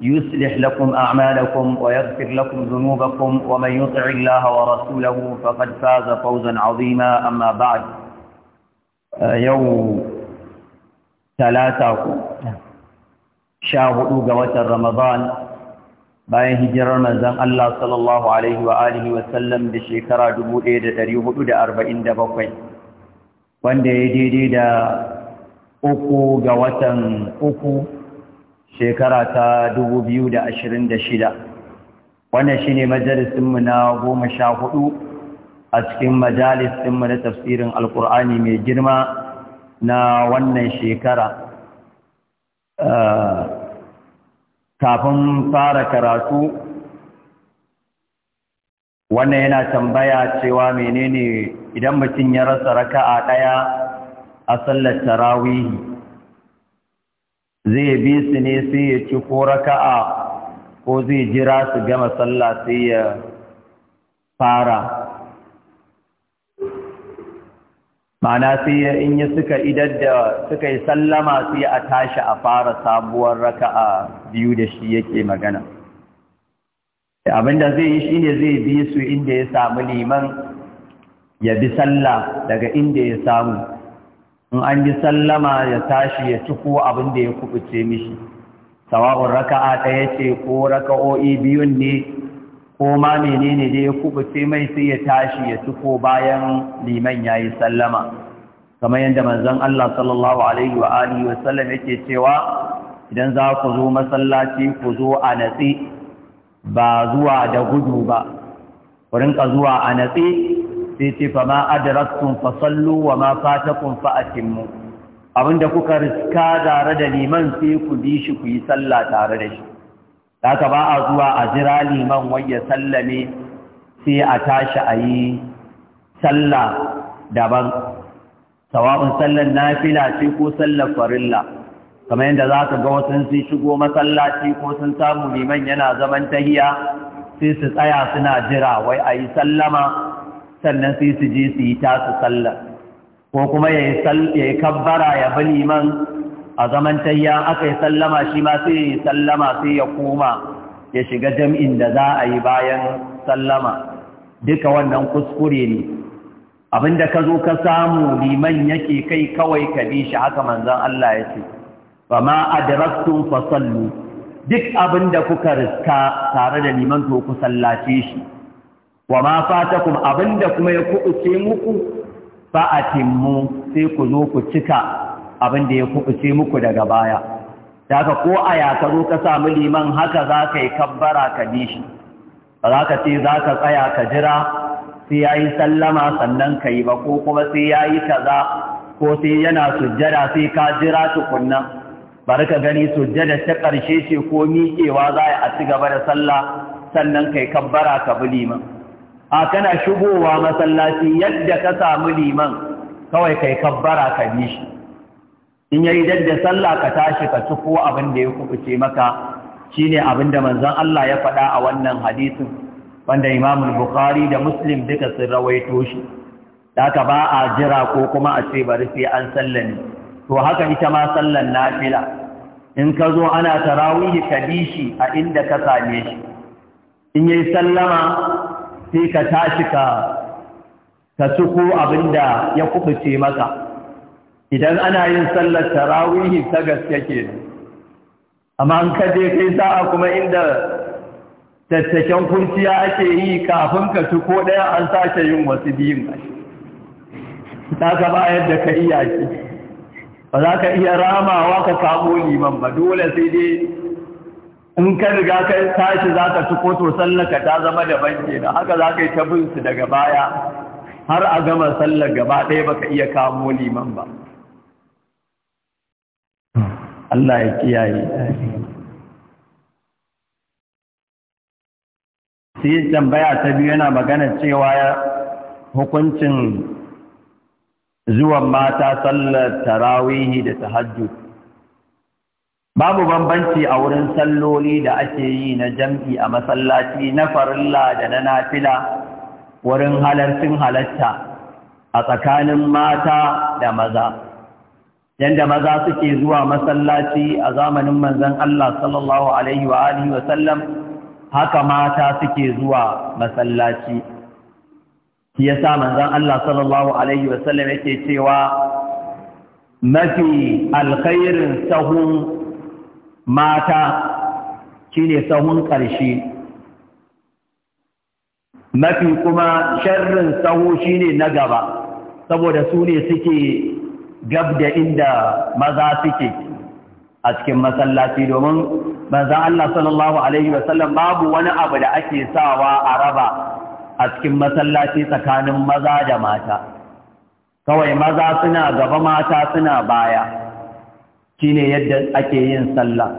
يصلح لكم أعمالكم ويغفر لكم ذنوبكم ومن يطع الله ورسوله فقد فاز فوزا عظيما أما بعد يوم ثلاثة شاهدوا قوة رمضان bayan hijirar manzon Allah sallallahu alaihi wa alihi wa sallam da shekara 1447 wanda ya daidai da uku ga watan uku shekara ta da da ashirin shida wannan shine majalisinmu na goma sha hudu a cikin ɗinmu na tafsirin alkur'ani mai girma na wannan shekara uh, kafin fara karatu wannan yana tambaya cewa menene idan mutum ya rasa raka'a ɗaya a sallar tarawihi zai bi su ne sai ya ci ko raka'a ko zai jira su gama sallah sai ya fara mana sai in ya suka idar da suka yi sallama sai a tashi a fara sabuwar raka'a biyu da shi yake magana abinda zai yi shine zai bi su inda ya samu liman ya bi sallah daga inda ya samu in an yi sallama ya tashi ya ciko abin da ya kubuce mishi sawa'un raka'a ɗaya ce ko raka'o'i biyun ne ko ma menene da ya kubuce mai sai ya tashi ya ciko bayan liman ya yi sallama kamar yadda manzon Allah sallallahu alaihi wa alihi wa sallam yake cewa idan za ku zo masallaci ku zo a natsi ba zuwa da gudu ba ku rinka zuwa a natsi sai ce fa ma adraktum fa sallu wa ma fatakum fa atimmu abinda kuka riska tare da liman sai ku bi shi ku yi sallah tare da shi haka ba a zuwa a jira liman ya sallame sai a tashi a yi sallah daban sawa'un sallar nafila ce ko sallar farilla kamar yadda za ka ga wasu sun shigo masallaci ko sun samu liman yana zaman tahiya sai su tsaya suna jira wai a yi sallama sannan sai su je su yi tasu sallar ko kuma ya yi kabbara ya bi liman a tayya aka yi sallama shi ma sai ya sallama sai ya koma ya shiga jam'in da za a yi bayan sallama duka wannan kuskure ne abinda ka zo ka samu liman yake kai kawai ka bi shi haka manzan Allah ya ce ba ma adrastun fasallu duk abinda kuka riska tare da liman to ku sallace shi wa ma fatakum abinda kuma ya kubuce muku fa atimmu sai ku zo ku cika abinda ya kubuce muku daga baya daga ko aya ka zo ka samu liman haka za ka yi kabbara ka bi shi ba za ka ce za ka tsaya ka jira sai ya yi sallama sannan ka yi ba ko kuma sai ya yi kaza ko sai yana sujjada sai ka jira tukunna bari ka gani sujjada ta ƙarshe ce ko miƙewa za a ci gaba da sallah sannan kai kabbara ka bi liman a kana shigowa masallaci yadda ka samu liman kawai kai kabbara ka bi shi in yayi dadda sallah ka tashi ka tuko abin da ya kubuce maka shine abin da manzon Allah ya faɗa a wannan hadisin wanda Imam Bukhari da Muslim duka sun rawaito shi haka ba a jira ko kuma a ce bari sai an sallani to haka ita ma sallan nafila in ka zo ana tarawih ka bi shi a inda ka same shi in yayi sallama sai ka tashi ka ka suko abinda ya kubuce maka idan ana yin sallar tarawihi ta gaske ke amma an ka kai sa'a kuma inda tattakin kunciya ake yi kafin ka suko ɗaya an sake yin wasu biyun ta ka bayar da ka iya shi ba za ka iya ramawa ka kamo liman ba dole sai dai in ka riga ka tashi za ka tuko to sallaka ta zama daban da haka za ka yi ta bin su daga baya har a gama sallar gaba ɗaya ba ka iya kamo liman ba Allah ya kiyaye sai tambaya ta biyu yana magana cewa hukuncin zuwan mata sallar tarawihi da tahajjud babu bambanci a wurin salloli da ake yi na jam'i a masallaci na farilla da na nafila wurin halarcin halatta a tsakanin mata da maza yadda maza suke zuwa masallaci a zamanin manzan Allah sallallahu alaihi wa alihi wa sallam haka mata suke zuwa masallaci shi yasa manzon Allah sallallahu alaihi wa sallam yake cewa mafi alkhairin sahun mata shine sahun ƙarshe mafi kuma sharrin sahu shine na gaba saboda su ne suke gab da inda maza suke a cikin masallaci domin manzan Allah sallallahu Alaihi wasallam babu wani abu da ake sawa a raba a cikin masallaci tsakanin maza da mata kawai maza suna gaba mata suna baya Shi ne yadda ake yin sallah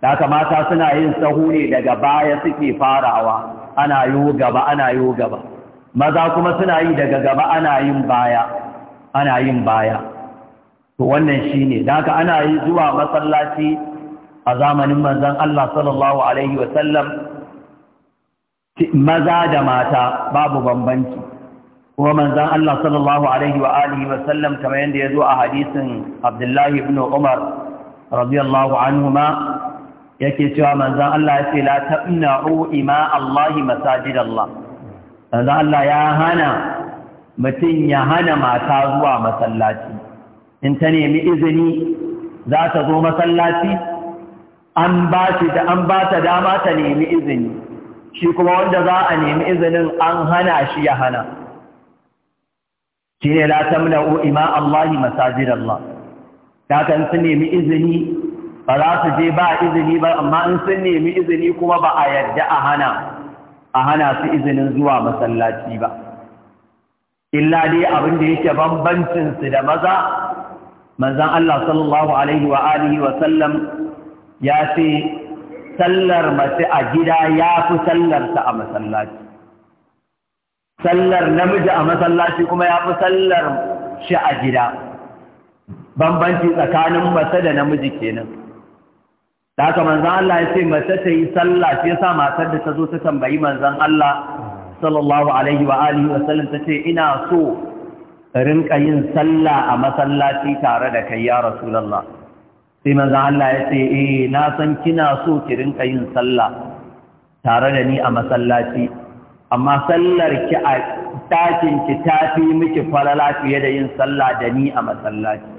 da haka mata suna yin sahu ne daga baya suke farawa ana yi gaba ana yi gaba maza kuma suna yi daga gaba ana yin baya ana yin baya to wannan ne da haka ana yi zuwa masallaci a zamanin manzan Allah sallallahu alaihi wasallam maza da mata babu bambanci kuma manzan Allah sallallahu alaihi wa sallam kamar yadda ya zo a hadisin Abdullahi ibn Umar radiyallahu anhuma yake cewa manzan Allah ya ce la tabna'u ima Allah masajid Allah manzan Allah ya hana mutum ya hana mata zuwa masallaci in ta nemi izini za ta zo masallaci an ba ta an ba ta dama ta nemi izini shi kuma wanda za a nemi izinin an hana shi ya hana shine la tamna'u ima Allah masajid Allah ta kan sun nemi izini ba za su je ba izini ba amma in sun nemi izini kuma ba a yarda a hana a hana su izinin zuwa masallaci ba illa dai abin da yake bambancin su da maza manzan Allah sallallahu alaihi wa alihi wa sallam ya fi sallar mace a gida ya fi sallarsa a masallaci sallar namiji a masallaci kuma ya fi sallar shi a gida bambanci tsakanin mace da namiji kenan da haka manzan Allah ya ce mace ta yi sallah shi yasa matar da ta zo ta tambayi manzan Allah sallallahu alaihi wa alihi wa sallam ta ce ina so rinka yin sallah a masallaci tare da kai ya rasulullah sai manzan Allah ya ce eh na san kina so ki rinka yin sallah tare da ni a masallaci amma sallar ki a ɗakin ki ta fi miki falala fiye da yin sallah da ni a masallaci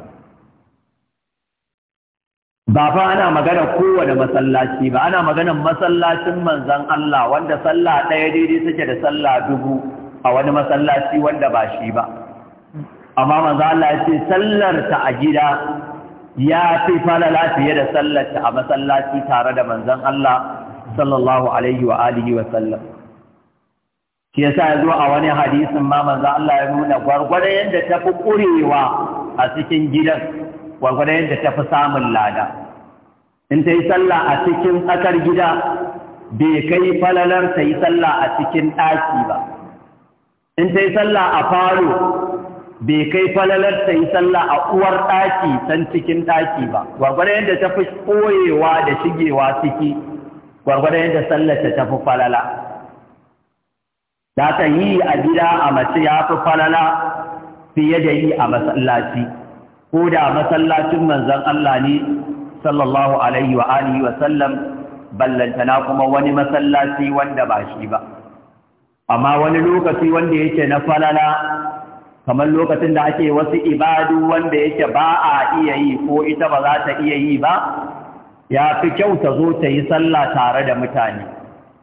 ba fa ana magana kowane masallaci ba ana magana masallacin manzan Allah wanda sallah ɗaya daidai take da sallah dubu a wani masallaci wanda ba shi ba amma manzan Allah ya ce ta a gida ya fi falala fiye da sallarta a masallaci tare da manzan Allah sallallahu alaihi wa alihi wa sallam ke sa zo a wani hadisin ma manzo Allah ya nuna gwargwadon yadda ta fi ƙurewa a cikin gidan gwargwadon yadda ta fi samun lada in ta yi sallah a cikin tsakar gida bai kai falalar ta yi sallah a cikin ɗaki ba in ta yi sallah a falo bai kai falalar ta yi sallah a uwar ɗaki san cikin ɗaki ba gwargwadon yadda ta fi koyewa da shigewa ciki gwargwadon yadda sallar ta fi falala da ta yi a gida a mace ya fi falala fiye da yi a masallaci ko da masallacin manzan Allah ne sallallahu alaihi wa alihi wa sallam ballantana kuma wani masallaci wanda ba shi ba amma wani lokaci wanda yake na falala kamar lokacin da ake wasu ibadu wanda yake ba a iya yi ko ita ba za ta iya yi ba ya fi kyau ta zo ta yi sallah tare da mutane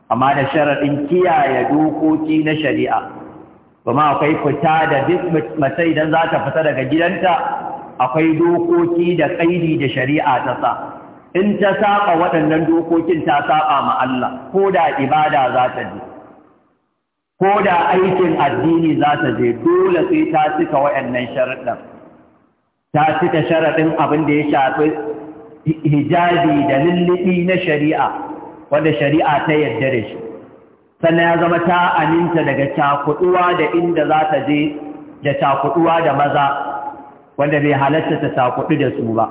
amma da sharaɗin kiyaye dokoki na shari'a kuma akwai fita da duk mace idan za ta fita daga gidanta akwai dokoki da ƙaidi da shari'a ta sa in ta saba waɗannan dokokin ta saba ma Allah ko da ibada za ta je ko da aikin addini za ta je dole sai ta cika waɗannan sharaɗin ta cika sharaɗin abin da ya shafi hijabi da lullubi na shari'a wanda shari'a ta yadda da shi sannan ya zama ta aminta daga cakuduwa da inda za ta je da cakuduwa da maza wanda bai halatta ta cakudu da su ba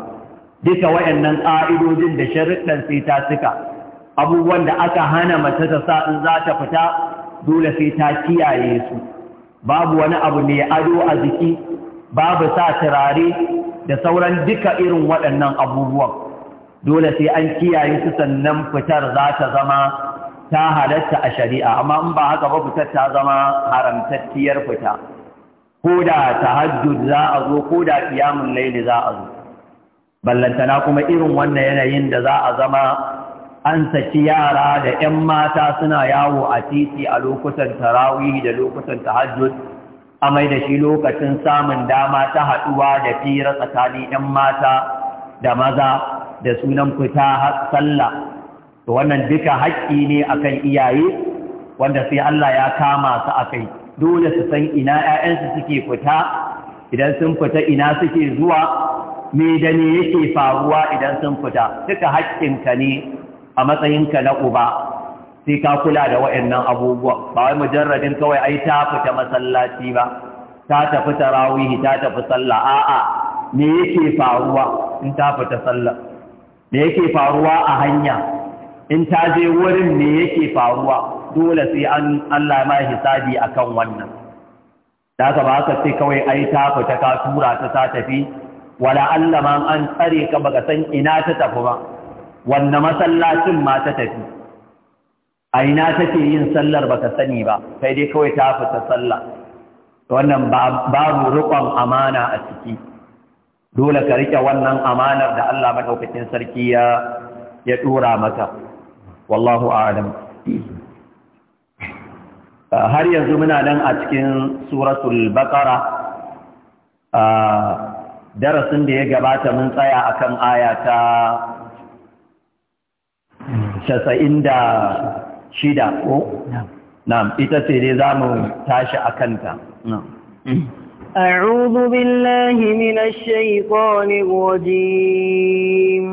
duka wayannan ƙa'idojin da sharuɗan sai ta suka abubuwan da aka hana mace ta sa in za ta fita dole sai ta kiyaye su babu wani abu ne ado a jiki babu sa turare da sauran duka irin waɗannan abubuwan dole sai an kiyaye su sannan fitar za ta zama ta halatta a shari'a amma in ba haka ba fitar ta zama haramtacciyar fita ko da tahajjud za a zo ko da qiyamul layli za a zo ballantana kuma irin wannan yanayin da za a zama an saki yara da 'yan mata suna yawo a titi a lokutan tarawihi da lokutan tahajjud a mai da shi lokacin samun dama ta haɗuwa da fira tsakanin 'yan mata da maza da sunan fita sallah to wannan duka haƙƙi ne akan iyaye wanda sai Allah ya kama su akai dole su san ina ƴaƴansu suke fita idan sun fita ina suke zuwa me da ne yake faruwa idan sun fita duka haƙƙinka ne a matsayinka na uba sai ka kula da waɗannan abubuwa ba wai mujarradin kawai ai ta fita masallaci ba ta tafi tarawihi ta tafi sallah a'a me yake faruwa in ta fita sallah me yake faruwa a hanya in ta je wurin me yake faruwa dole sai an Allah ma hisabi akan wannan da ba ka sai kawai ai ta fita ka tura ta ta tafi wala Allah an tsare ka baka san ina ta tafi ba wannan masallacin ma ta tafi a ina take yin sallar baka sani ba sai dai kawai ta fita sallah wannan babu riƙon amana a ciki dole ka rike wannan amanar da Allah madaukakin sarki ya ya dora maka wallahu a'lam har yanzu muna nan a cikin suratul baqara darasin da ya gabata mun tsaya akan aya ta 96 ko na'am ita ce dai zamu tashi akan ta na'am mm. أعوذ بالله من الشيطان الرجيم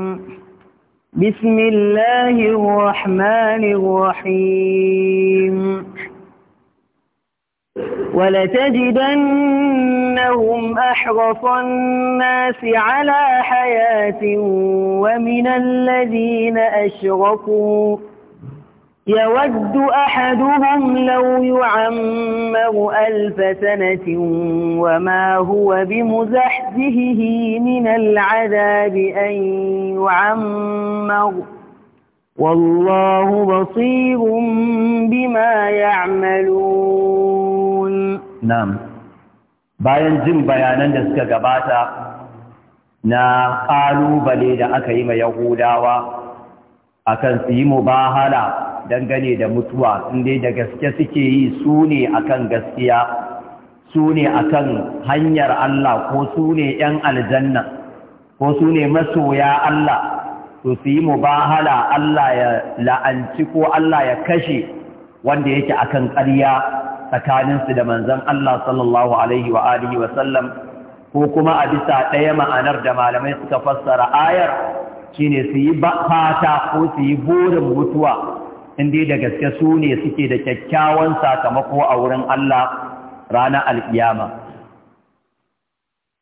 بسم الله الرحمن الرحيم ولتجدنهم أحرص الناس على حياة ومن الذين أشركوا يود أحدهم لو يعمر ألف سنة وما هو بمزحزهه من العذاب أن يعمر والله بصير بما يعملون نعم bayan jin bayanan da suka gabata na ƙalubale da aka yi ma Yahudawa akan su yi mubahala dangane da mutuwa inda da gaske suke yi su ne kan gaskiya su ne kan hanyar Allah ko su ne ‘yan aljanna ko su ne masoya Allah to su yi mubahala Allah ya la'anci ko Allah ya kashe wanda yake a kan ƙarya tsakaninsu da manzan Allah sallallahu alaihi wa alihi wa ko kuma a bisa ɗaya ma'anar da malamai suka fassara ayar shi ne su yi fata ko su yi burin mutuwa inda da gaske su ne suke da kyakkyawan sakamako a wurin Allah ranar alkiyama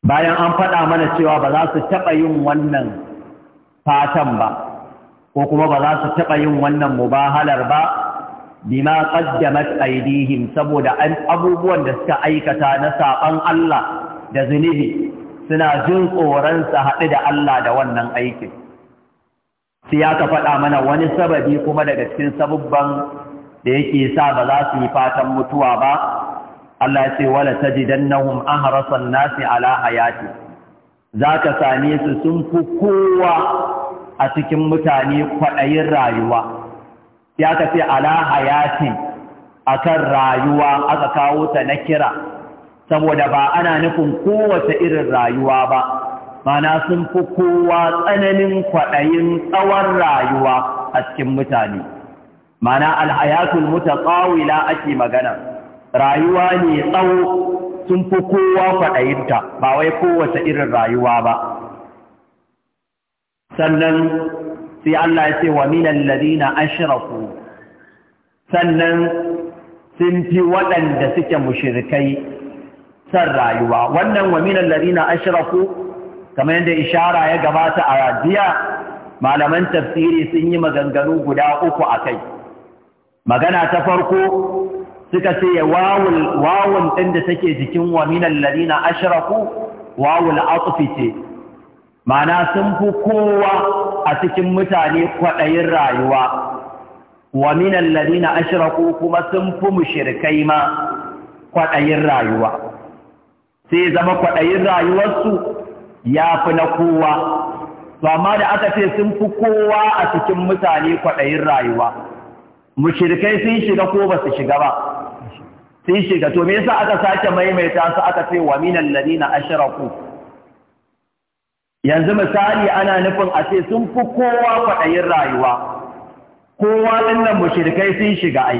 bayan an faɗa mana cewa ba za su taɓa yin wannan fatan ba ko kuma ba za su taɓa yin wannan mubahalar ba bima qaddamat aydihim saboda abubuwan da suka aikata na saɓan Allah da zunubi suna jin tsoron su haɗu da Allah da wannan aikin sai aka faɗa mana wani sababi kuma daga cikin sabubban da yake sa ba za su yi fatan mutuwa ba Allah ce wala tajidannahum ahrasan nasi ala hayati zaka same su sun fi kowa a cikin mutane kwaɗayin rayuwa Ya aka ce ala hayati akan rayuwa aka kawo ta na kira saboda ba ana nufin kowace irin rayuwa ba mana sun fi kowa tsananin kwaɗayin tsawon rayuwa a cikin mutane mana alhayatul mutaqawila ake magana rayuwa ne tsawo sun fi kowa kwaɗayinta ba wai kowace irin rayuwa ba sannan sai Allah ya ce wa minan ladina ashraku sannan sun fi waɗanda suke mushirkai san rayuwa wannan wa minan ladina ashraku kamar yadda ishara ya gabata a jiya malaman tafsiri sun yi maganganu guda uku a kai magana ta farko suka ce ya wawul wawun ɗin da take jikin wa minal ladina ashraku wawul ce mana sun fi kowa a cikin mutane kwaɗayin rayuwa wa minal ladina kuma sun fi mushrikai ma kwaɗayin rayuwa sai zama kwaɗayin rayuwarsu ya fi na kowa to ma da aka ce sun fi kowa a cikin mutane kwaɗayin rayuwa Mushirikai sun shiga ko ba su shiga ba sun shiga to me yasa aka sake maimaita su aka ce wa minal ladina ashraku yanzu misali ana nufin a ce sun fi kowa kwaɗayin rayuwa kowa dinnan mushirikai sun shiga ai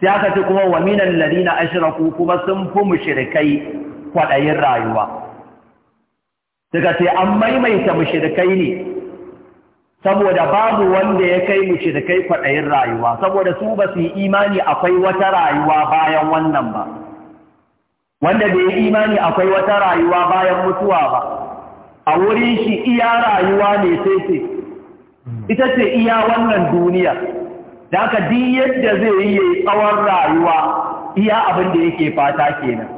sai aka ce kuma wa minal ladina ashraku kuma sun fi mushirikai kwaɗayin rayuwa suka ce an maimaita mushrikai ne saboda babu wanda ya kai mushrikai kwaɗayin rayuwa saboda su ba su yi imani akwai wata rayuwa bayan wannan ba wanda bai yi imani akwai wata rayuwa bayan mutuwa ba a wurin shi iya rayuwa ne sai ce ita ce iya wannan duniya da aka di yadda zai yi yi tsawon rayuwa iya abin da yake fata kenan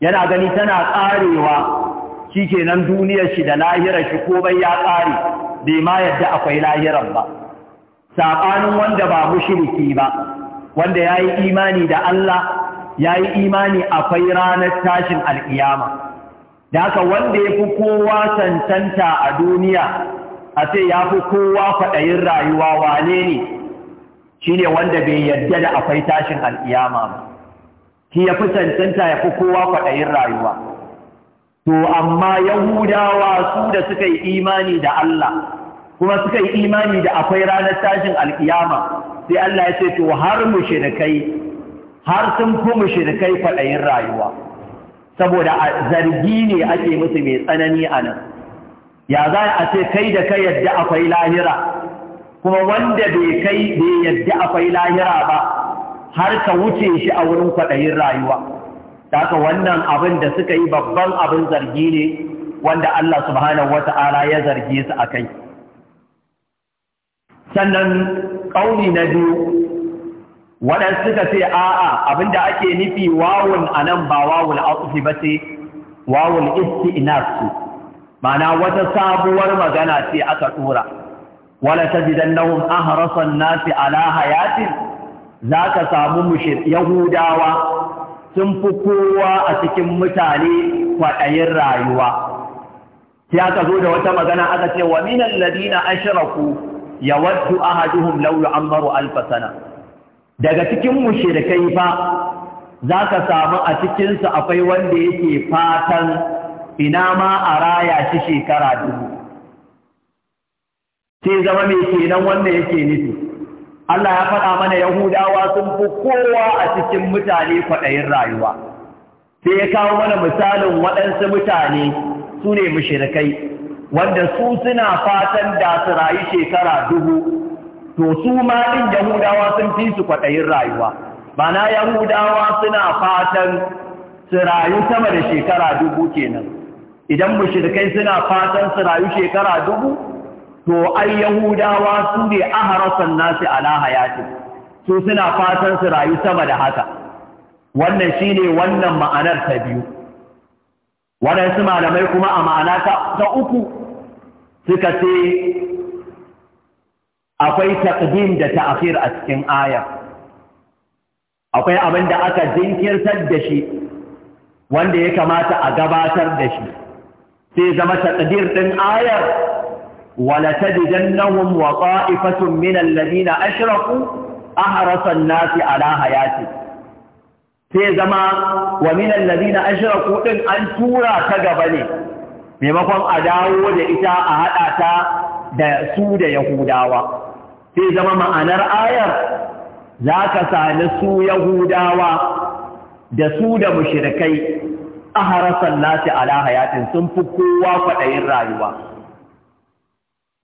yana gani tana karewa shi kenan duniyar shi da lahirar shi ko bai ya tsari bai ma yadda akwai lahirar ba saɓanin wanda ba shiriki ba wanda ya yi imani da Allah ya yi imani akwai ranar tashin al'iyama da haka wanda ya fi kowa santanta a duniya a ce ya fi kowa faɗayin rayuwa wane ne shi ne wanda bai yadda da akwai tashin al'iyama ba shi ya fi cancanta ya fi kowa kwaɗayin rayuwa to amma yahudawa su da suka yi imani da Allah kuma suka yi imani da akwai ranar tashin alkiyama sai Allah ya ce to har kai har sun fi mu kai kwaɗayin rayuwa saboda zargi ne ake musu mai tsanani a nan ya za a ce kai da kai yadda akwai lahira kuma wanda bai kai bai yadda akwai lahira ba har ka wuce shi a wurin kwaɗayin rayuwa ka wannan abin da suka yi babban abin zargi ne wanda Allah subhanahu wata'ala ya zarge su a kai. sannan ƙauni na biyu waɗansu suka ce a'a abin da ake nufi wawun anan ba wawul asufi ba ce wawul su. Mana wata sabuwar magana ce aka tsora wala tajidannahum ahrasan nasi ala hayatin zaka samu mushrik yahudawa sun fi kowa a cikin mutane kwaɗayin rayuwa sai ka zo da wata magana aka ce wa minan ladina ashraku a ahaduhum lauyo an alf alfasana. daga cikin mushrikai fa ka samu a cikinsu akwai wanda yake fatan ina ma a raya shi shekara dubu sai zama mai kenan wanda yake nufi Allah ya faɗa mana Yahudawa sun fi kowa a cikin mutane kwaɗayin rayuwa. Sai ya kawo mana misalin waɗansu mutane su ne mushirikai, wanda su suna fatan da su rayu shekara dubu, to su ma ɗin Yahudawa sun fi su kwaɗayin rayuwa. Bana Yahudawa suna fatan su rayu sama da shekara dubu kenan. Idan mushirikai suna fatan su rayu shekara dubu, to ai yahudawa su ne aharasan nasi ala hayati su suna fatan su rayu sama da haka wannan shine wannan ma'anar ta biyu Wannan su malamai kuma a ma'ana ta uku suka ce akwai taqdim da ta'khir a cikin aya akwai abin da aka jinkirtar da shi wanda ya kamata a gabatar da shi sai zama taqdir din ayar ولتجدنهم وطائفة من الذين أشركوا أحرص الناس على حياته sai zama wa minan ladina ashraku din an tura ta gaba ne maimakon a dawo da ita a haɗa ta da su da yahudawa sai zama ma'anar ayar zaka sani su yahudawa da su da mushirikai. aharasan nasi ala hayatin sun fi kowa kwaɗayin rayuwa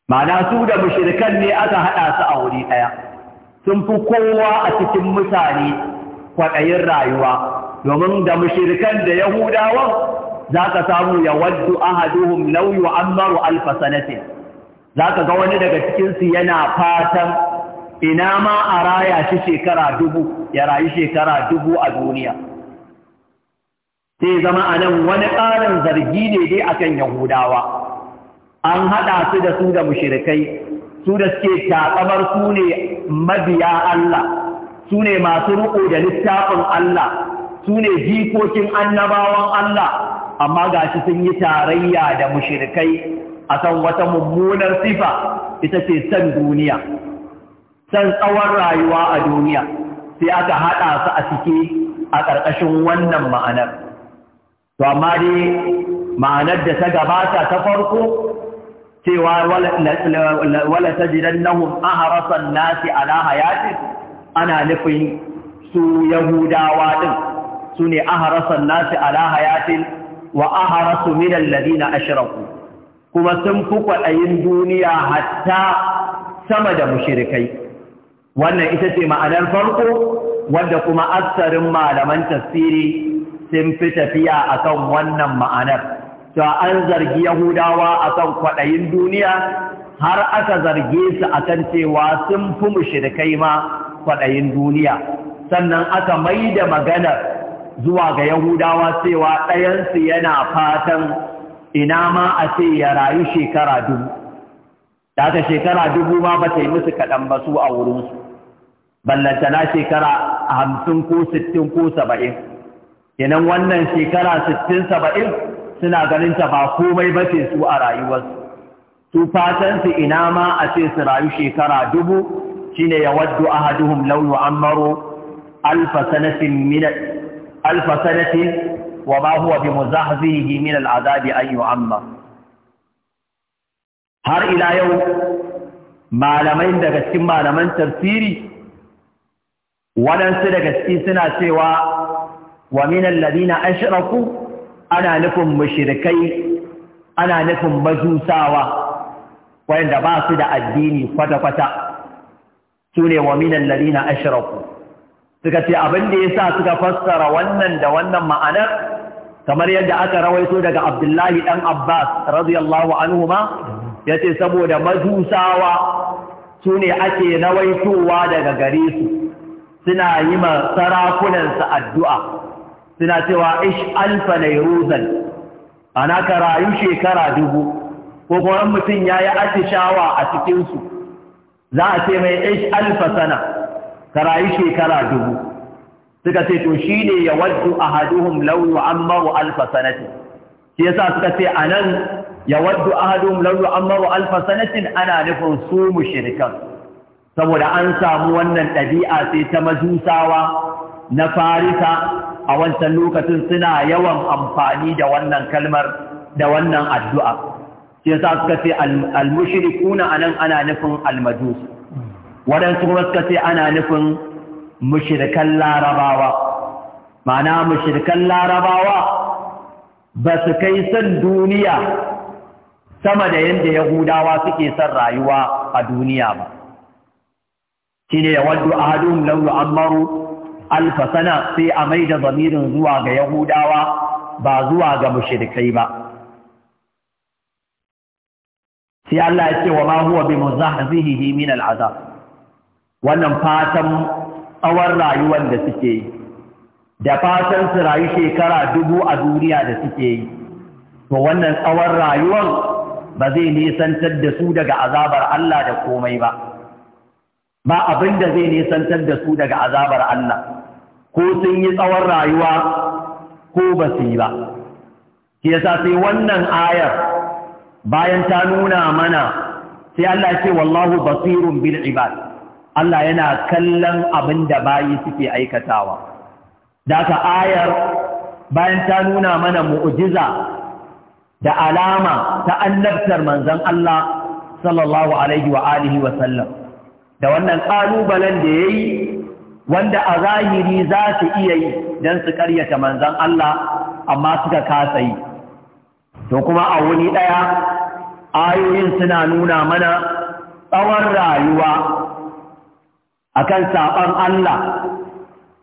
ma'ana su da mushirkan ne aka haɗa su a wuri ɗaya sun fi kowa a cikin mutane kwaɗayin rayuwa domin da mushirikan da yahudawa za ka samu ya waddu ahaduhum wa yu'ammaru alfa sanatin za ka ga wani daga cikinsu yana fatan ina ma a raya shi shekara dubu ya rayu shekara dubu a duniya sai zama a nan wani ƙarin zargi ne dai akan yahudawa an haɗa su da su da mushirikai su da suke taƙamar su ne mabiya Allah su ne masu riƙo da littafin Allah su ne jikokin annabawan Allah amma ga shi sun yi tarayya da mushirikai a kan wata mummunar sifa ita ce san duniya san tsawon rayuwa a duniya sai aka haɗa su a cike a ƙarƙashin wannan ma'anar to amma dai ma'anar da ta gabata ta farko cewa wala tajidannahum ahrasan nasi ala hayati ana nufin su yahudawa din sune ahrasan nasi ala hayatin wa ahrasu min alladhina ashraku kuma sun fi kwaɗayin duniya hatta sama da mushrikai wannan ita ce ma'anar farko wanda kuma aksarin malaman tafsiri sun fi tafiya akan wannan ma'anar ta an zargi Yahudawa a kan kwaɗayin duniya har aka zarge su a kan cewa sun fi mushrikai ma kwaɗayin duniya sannan aka mai da maganar zuwa ga Yahudawa cewa ɗayansu yana fatan ina ma a ce ya rayu shekara dubu da aka shekara dubu ma ba ta yi musu kaɗan ba su a wurinsu ballantana shekara hamsin ko sittin ko saba'in kenan wannan shekara sittin saba'in suna ganin ta ba komai ba ce su a rayuwarsu su fatan su ina ma a ce su rayu shekara dubu shine ya waddu ahaduhum law yu'ammaru alfa sanatin min alfa sanatin wa ma huwa bi muzahzihi min al'adabi an yu'ammar har ila yau malamai daga cikin malaman tafsiri waɗansu daga ciki suna cewa wa min alladhina ashraku ana nufin mushrikai ana nufin majusawa wanda ba su da addini kwata-kwata su ne wa minan lalina ashiraku suka ce abin da ya sa suka fassara wannan da wannan ma'anar kamar yadda aka rawaito daga abdullahi ɗan abbas radiyallahu anhu ma ya ce saboda majusawa su ne ake rawaitowa daga gare su suna yi ma sarakunansu addu'a suna cewa ish alfa nairuzan ana ka rayu shekara dubu ko kuma mutum ya yi atishawa a cikinsu za a ce mai ish alfa sana ka rayu shekara dubu suka ce to shi ne ya waddu a haduhun lauyu an maru alfa sanatin shi yasa suka ce a nan ya waddu a haduhun lauyu an maru alfa sanatin ana nufin su mu shirikan. saboda an samu wannan ɗabi'a sai ta mazusawa na farisa a wancan lokacin suna yawan amfani da wannan kalmar da wannan addu'a shi yasa suka ce al-mushrikuna anan ana nufin al waɗansu kuma suka ce ana nufin mushrikan larabawa ma'ana mushrikan larabawa ba su kai son duniya sama da yadda yahudawa suke son rayuwa a duniya ba shi ne wadda ahadun lauyu ammaru alfa sana sai a mai da zamirin zuwa ga yahudawa ba zuwa ga mushirikai ba sai Allah ya ce wa ma huwa bi muzahzihi min al'azab wannan fatan tsawon rayuwar da suke yi da fatan su rayu shekara dubu a duniya da suke yi to wannan tsawon rayuwar ba zai nisantar da su daga azabar Allah da komai ba ba abin da zai nisantar da su daga azabar Allah ko sun yi tsawon rayuwa ko ba su yi ba ke sai wannan ayar bayan ta nuna mana sai Allah ce wallahu basirun bil ibad Allah yana kallon abin da bayi suke aikatawa daga ayar bayan ta nuna mana mu'jiza da alama ta annabtar manzon Allah sallallahu alaihi wa alihi wa sallam da wannan ƙalubalen da ya yi wanda a zahiri za su iya yi don su karyata manzan Allah amma suka kasa yi to kuma a wuni ɗaya ayoyin suna nuna mana tsawon rayuwa akan saɓan Allah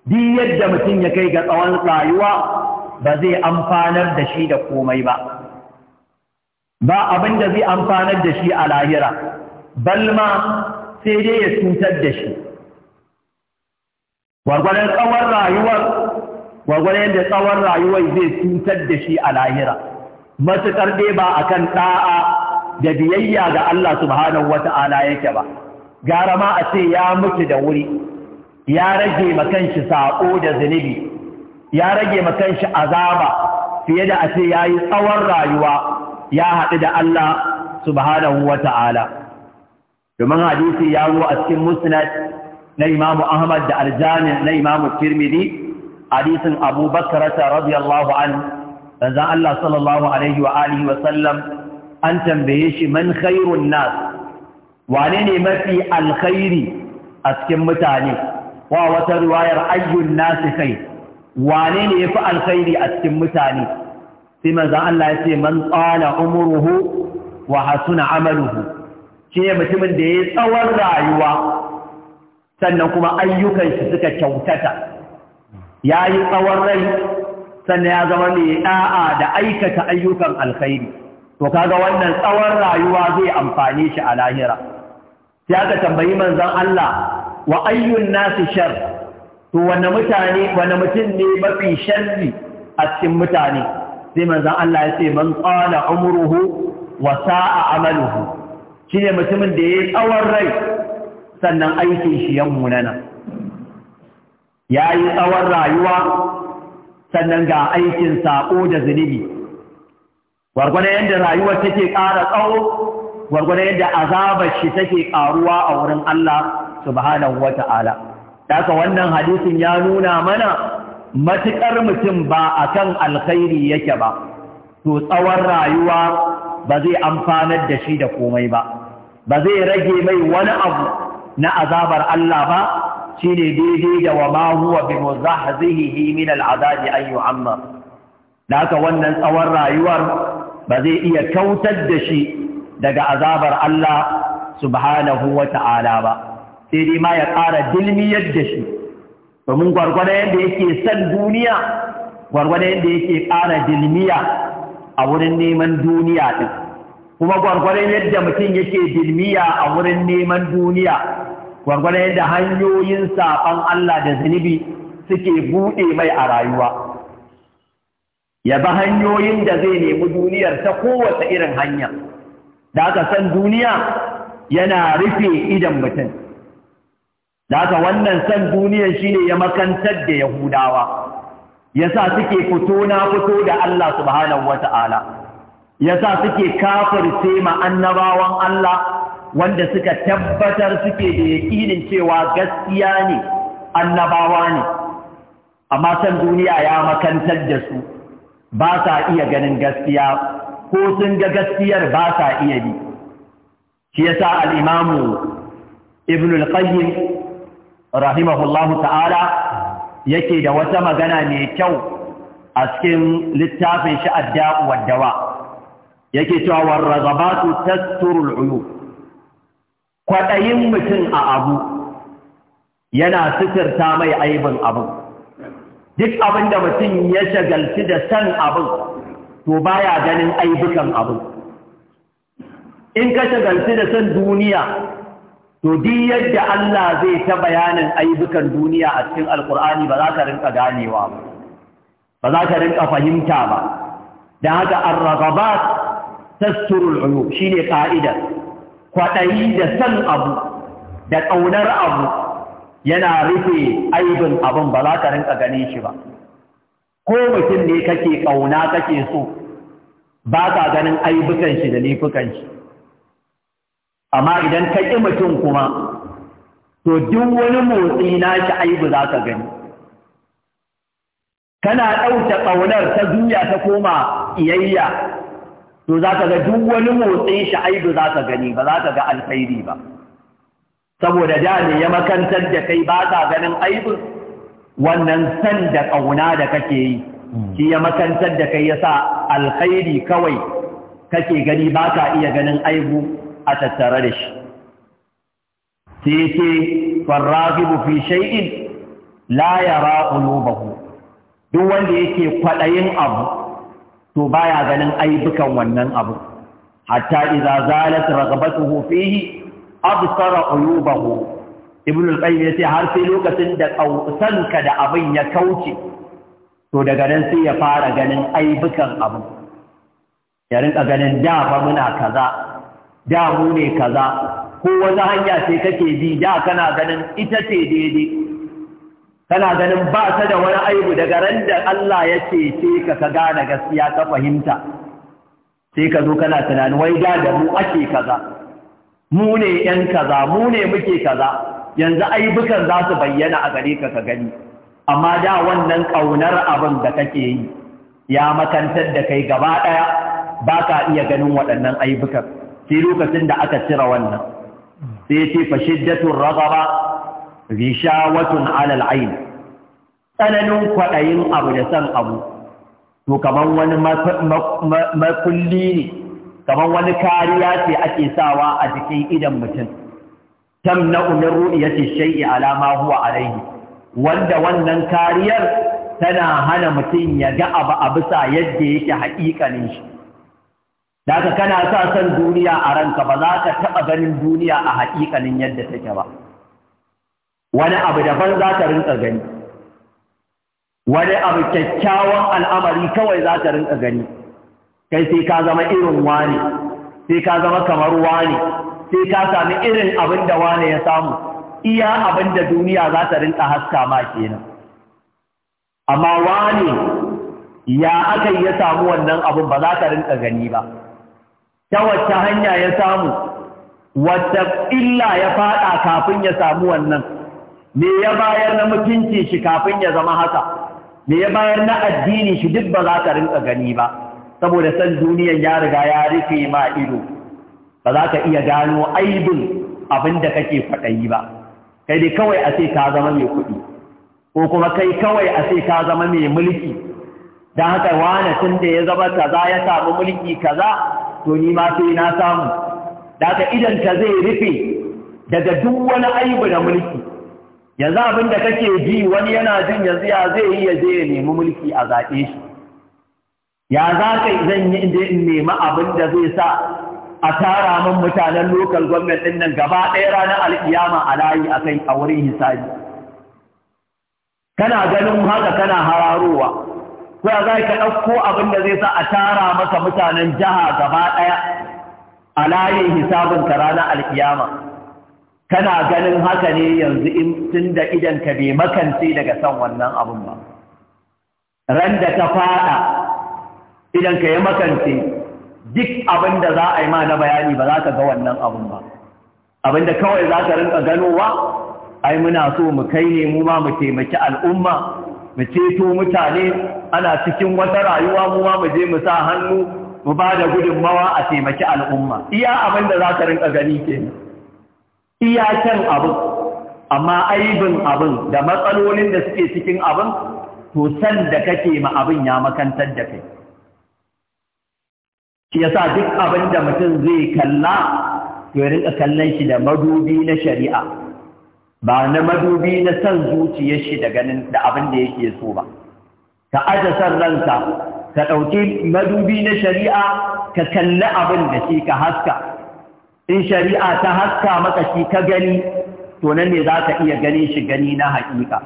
duk yadda mutum ya kai ga tsawon rayuwa ba zai amfanar da shi da komai ba ba abin da zai amfanar da shi a lahira balma sai dai ya cutar da shi gwargwadon tsawon rayuwar gwargwadon yadda tsawon rayuwar zai cutar da shi a lahira matuƙar dai ba a kan ɗa'a da biyayya ga Allah subhanahu wa ta'ala yake ba gara ma a ce ya mutu da wuri ya rage makanshi saƙo da zunubi ya rage makanshi azaba fiye da a ce ya yi tsawon rayuwa ya haɗu da Allah subhanahu wa ta'ala. domin hadisi ya zo a cikin musnad na Imam Ahmad da Aljami na imamu Tirmidhi hadisin Abubakar Bakr radiyallahu anhu manzon Allah sallallahu alaihi wa alihi wa sallam an tambaye shi man khairun nas wane ne mafi alkhairi a cikin mutane wa wata riwayar ayyun nasi kai wane ne yafi alkhairi a cikin mutane sai manzon Allah ya ce man tsala umruhu wa hasuna amaluhu ce ne mutumin da ya yi tsawon rayuwa sannan kuma ayyukan shi suka kyautata ya yi tsawon rai sannan ya zama mai da'a da aikata ayyukan alkhairi to kaga wannan tsawon rayuwa zai amfane shi a lahira sai aka tambayi manzon Allah wa ayyun nasi shar to wanne mutane wanne mutum ne mafi sharri a cikin mutane sai manzon Allah ya ce man qala umruhu wa sa'a amaluhu Shi ne mutumin da ya yi tsawon rai sannan aikin shi ya munana Ya yi tsawon rayuwa sannan ga aikin saƙo da zunubi gwargwana yadda rayuwar take ƙara tsawo gwargwana yadda azabar shi take ƙaruwa a wurin Allah subhanahu wata'ala Daka wannan hadisin ya nuna mana matuƙar mutum ba a kan alkhairi yake ba, to tsawon rayuwa ba zai amfanar da shi da komai ba. ba zai rage mai wani abu na azabar Allah ba shine daidai da wa ma huwa bi muzahzihi min al'adabi an yu'ammar da haka wannan tsawon rayuwar ba zai iya kautar da shi daga azabar Allah subhanahu wa ta'ala ba sai dai ma ya ƙara dilmiyar da shi domin gwargwada yadda yake san duniya gwargwada yadda yake ƙara dilmiya a wurin neman duniya ɗin kuma gwargwaren yadda mutum yake bilmiya a wurin neman duniya gwargwaren yadda hanyoyin saɓan Allah da zunubi suke buɗe mai a rayuwa ya bi hanyoyin da zai nemi duniyar ta kowace irin hanya da aka san duniya yana rufe idan mutum da aka wannan san duniyar shine ya makantar da yahudawa ya sa suke fito na fito da Allah subhanahu wata'ala yasa suke kafirce ma annabawan Allah wanda suka tabbatar suke da yaƙinin cewa gaskiya ne annabawa ne amma san duniya ya makantar da su ba sa iya ganin gaskiya ko sun ga gaskiyar ba sa iya bi shi yasa al-imamu ibn al-qayyim rahimahullahu ta'ala yake da wata magana mai kyau a cikin littafin shi wad dawa yake cewa warragabatu tasturul uyub kwadayin mutum a abu yana sitirta mai aibin abin duk abin da mutum ya shagalci da san abin to baya ganin aibukan abin in ka shagalci da san duniya to di yadda Allah zai ta bayanin aibukan duniya a cikin alkur'ani ba za ka rinka ganewa ba za ka rinka fahimta ba da haka arragabat tasturul uyub shine ƙa'idar kwaɗayi da san abu da kaunar abu yana rufe aibin abin ba za ka rinka gani shi ba ko mutum ne kake kauna kake so ba ka ganin aibukan shi da laifukan shi amma idan ka ƙi mutum kuma to duk wani motsi na shi aibu za ka gani kana ɗauke ƙaunar ta duniya ta koma iyayya to za ka ga duk wani motsin sha'aibu za ka gani ba za ka ga alkhairi ba saboda da ne ya makantar da kai ba ka ganin aibin wannan san da ƙauna da kake yi shi ya makantar da kai ya sa alkhairi kawai kake gani ba ka iya ganin aibu a tattare da shi sai ce farragibu fi shay'in la yara qulubahu duk wanda yake kwaɗayin abu to baya ganin aibukan wannan abu hatta idza zalat raghabatuhu fihi absara uyubahu ibn al-qayyim yace har sai lokacin da ka da abin ya kauce to daga nan sai ya fara ganin aibukan abu ya rinka ganin da fa muna kaza da mu ne kaza ko wata hanya sai kake bi da kana ganin ita ce daidai kana ganin ba ta da wani aibu daga ran da Allah ya cece ka ka gane gaskiya ka fahimta sai ka zo kana tunanin wai da da mu ake kaza mu ne yan kaza mu ne muke kaza yanzu aibukan za su bayyana a gare ka ka gani amma da wannan kaunar abin da kake yi ya makantar da kai gaba daya ba ka iya ganin waɗannan aibukan sai lokacin da aka cire wannan sai ce fa shiddatu ragaba rishawatun alal aini tsananin kwaɗayin abu da san abu to kamar wani makulli ne kamar wani kariya ce ake sawa a jikin idan mutum tamna'u min ru'yati ce, ala alama huwa alayhi wanda wannan kariyar tana hana mutum ya ga abu a bisa yadda yake haƙiƙanin shi da ka kana sa son duniya a ranka ba za ka taɓa ganin duniya a haƙiƙanin yadda take ba wani abu daban za ta rinka gani wani abu kyakkyawan al'amari kawai za ta rinka gani kai sai ka zama irin wani sai ka zama kamar wani sai ka sami irin abin da wani ya samu iya abin da duniya za ta rinka haska ma kenan amma wani ya aka ya samu wannan abin ba za ta rinka gani ba ta wacce hanya ya samu wacce illa ya faɗa kafin ya samu wannan me ya bayar na mutunci shi kafin ya zama haka me ya bayar na addini shi duk ba za ka rinka gani ba saboda san duniyar ya riga ya rufe ma ido ba za ka iya gano aibin abin da kake faɗayi ba kai dai kawai a sai ka zama mai kuɗi ko kuma kai kawai a sai ka zama mai mulki don haka wane tun da ya zama kaza ya samu mulki kaza to ni ma sai na samu da haka idan ka zai rufe daga duk wani aibu na mulki yanzu abin da kake ji wani yana jin yanzu ya zai yi ya je ya nemi mulki a zaɓe shi ya za ka zan yi inda in nemi abin da zai sa a tara min mutanen lokal gwamnati ɗin nan gaba ɗaya ranar alƙiyama a layi a kai a wurin hisabi kana ganin haka kana hararowa ko ya za ka ɗauko abin da zai sa a tara masa mutanen jiha gaba ɗaya a layin hisabinka ranar alƙiyama kana ganin haka ne yanzu in tun da idanka bai makance daga son wannan abun ba ran da ka fada idanka ya makance duk abin da za a yi ma na bayani ba za ka ga wannan abun ba abin da kawai za ka rinka ganowa ai muna so mu kai ne mu ma mu taimaki al'umma mu ceto mutane ana cikin wata rayuwa mu ma mu je mu sa hannu mu ba da gudunmawa a taimaki al'umma iya abin da za ka rinka gani kenan iyakan abin amma aibin abin da matsalolin da suke cikin abin to san da kake ma abin ya makantar da kai shi yasa duk abin da mutum zai kalla to ya kallon shi da madubi na shari'a ba na madubi na san zuciyar shi da ganin da abin da yake so ba ka aje san ranka ka ɗauki madubi na shari'a ka kalli abin da shi ka haska in shari'a ta haska maka shi ka gani to nan ne za ka iya ganin shi gani na haƙiƙa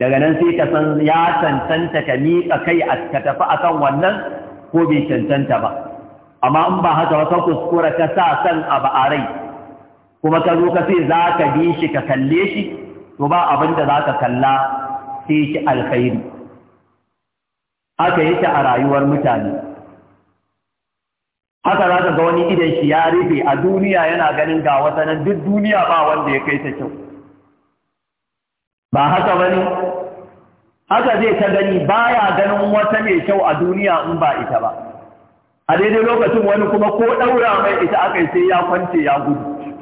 daga nan sai ka san ya cancanta ka miƙa kai a ka tafi akan wannan ko bai cancanta ba amma in ba haka wata kuskura ka sa san abu a rai kuma ka zo ka sai za ka bi shi ka kalle shi to ba abin da za ka kalla sai shi alkhairi haka yake a rayuwar mutane haka za ka ga wani idan shi ya rufe a duniya yana ganin ga wata nan duk duniya ba wanda ya kai ta kyau ba haka ba ne haka zai ta gani ba ya ganin wata mai kyau a duniya in ba ita ba a daidai lokacin wani kuma ko ɗaura mai ita aka yi sai ya kwance ya gudu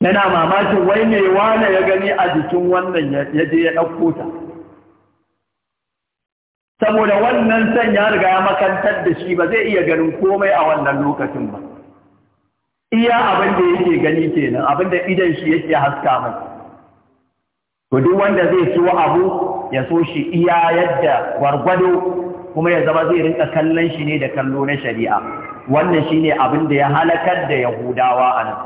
yana mamakin wai mai wane ya gani a jikin wannan ya je ya ɗauko ta saboda wannan san ya riga ya makantar da shi ba zai iya ganin komai a wannan lokacin ba iya abin da yake gani kenan abin da idan shi yake haska mai to duk wanda zai so abu ya so shi iya yadda gwargwado kuma ya zama zai rinka kallon shi ne da kallo na shari'a wannan shine abin da ya halakar da yahudawa a nan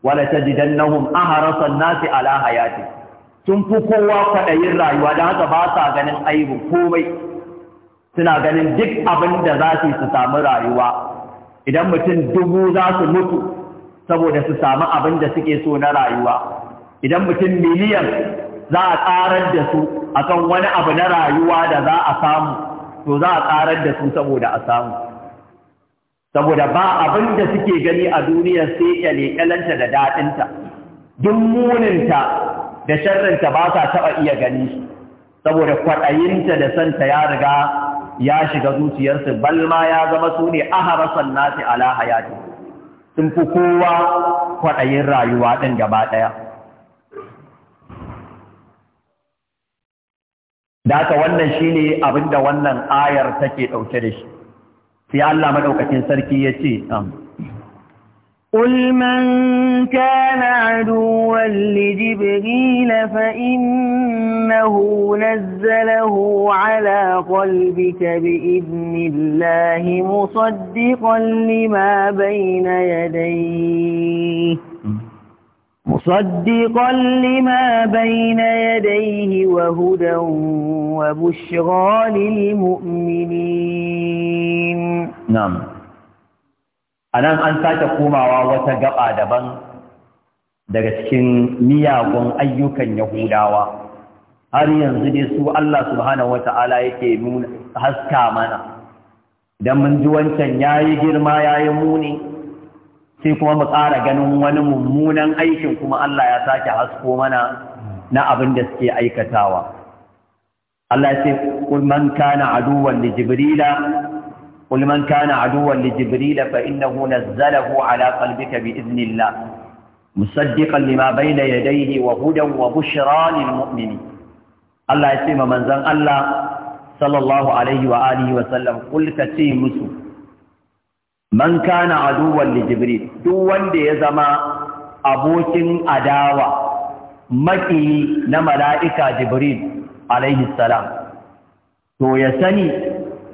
wala tajidannahum an nasi ala hayati sun fi kowa kwaɗayin rayuwa da haka ba sa ganin aibin komai suna ganin duk abin da za su yi su samu rayuwa idan mutum dubu za su mutu saboda su samu abin da suke so na rayuwa idan mutum miliyan za a tsarar da su akan wani abu na rayuwa da za a samu to za a tsarar da su saboda a samu saboda ba abin da suke gani a duniya sai kyale-kyalanta da daɗinta duk muninta da sharrinta ba sa taɓa iya gani saboda kwaɗayinta da santa ya riga ya shiga zuciyarsu bal ma ya zama su ne aharasan nasi ala hayati sun fi kowa kwaɗayin rayuwa ɗin gaba ɗaya Daka wannan shi ne abinda wannan ayar take ɗauke da shi, sai Allah maɗaukacin sarki ya ce, قل من كان عدوا لجبريل فإنه نزله على قلبك بإذن الله مصدقا لما بين يديه مصدقا لما بين يديه وهدى وبشرى للمؤمنين نعم a nan an sake komawa wata gaba daban daga cikin miyagun ayyukan yahudawa har yanzu dai su Allah subhanahu wata'ala yake nuna haska mana idan mun ji wancan yayi girma yayi muni sai kuma mu ƙara ganin wani mummunan aikin kuma Allah ya sake hasko mana na abin da suke aikatawa Allah ya ce man kana aduwan li jibrila قل من كان عدوا لجبريل فإنه نزله على قلبك بإذن الله مصدقا لما بين يديه وهدى وبشرى للمؤمنين الله يسمى من زن الله صلى الله عليه وآله وسلم قل كتي مسو من كان عدوا لجبريل دوان دي زما أبوكين أداوة مكي نملائكة جبريل عليه السلام تو يسني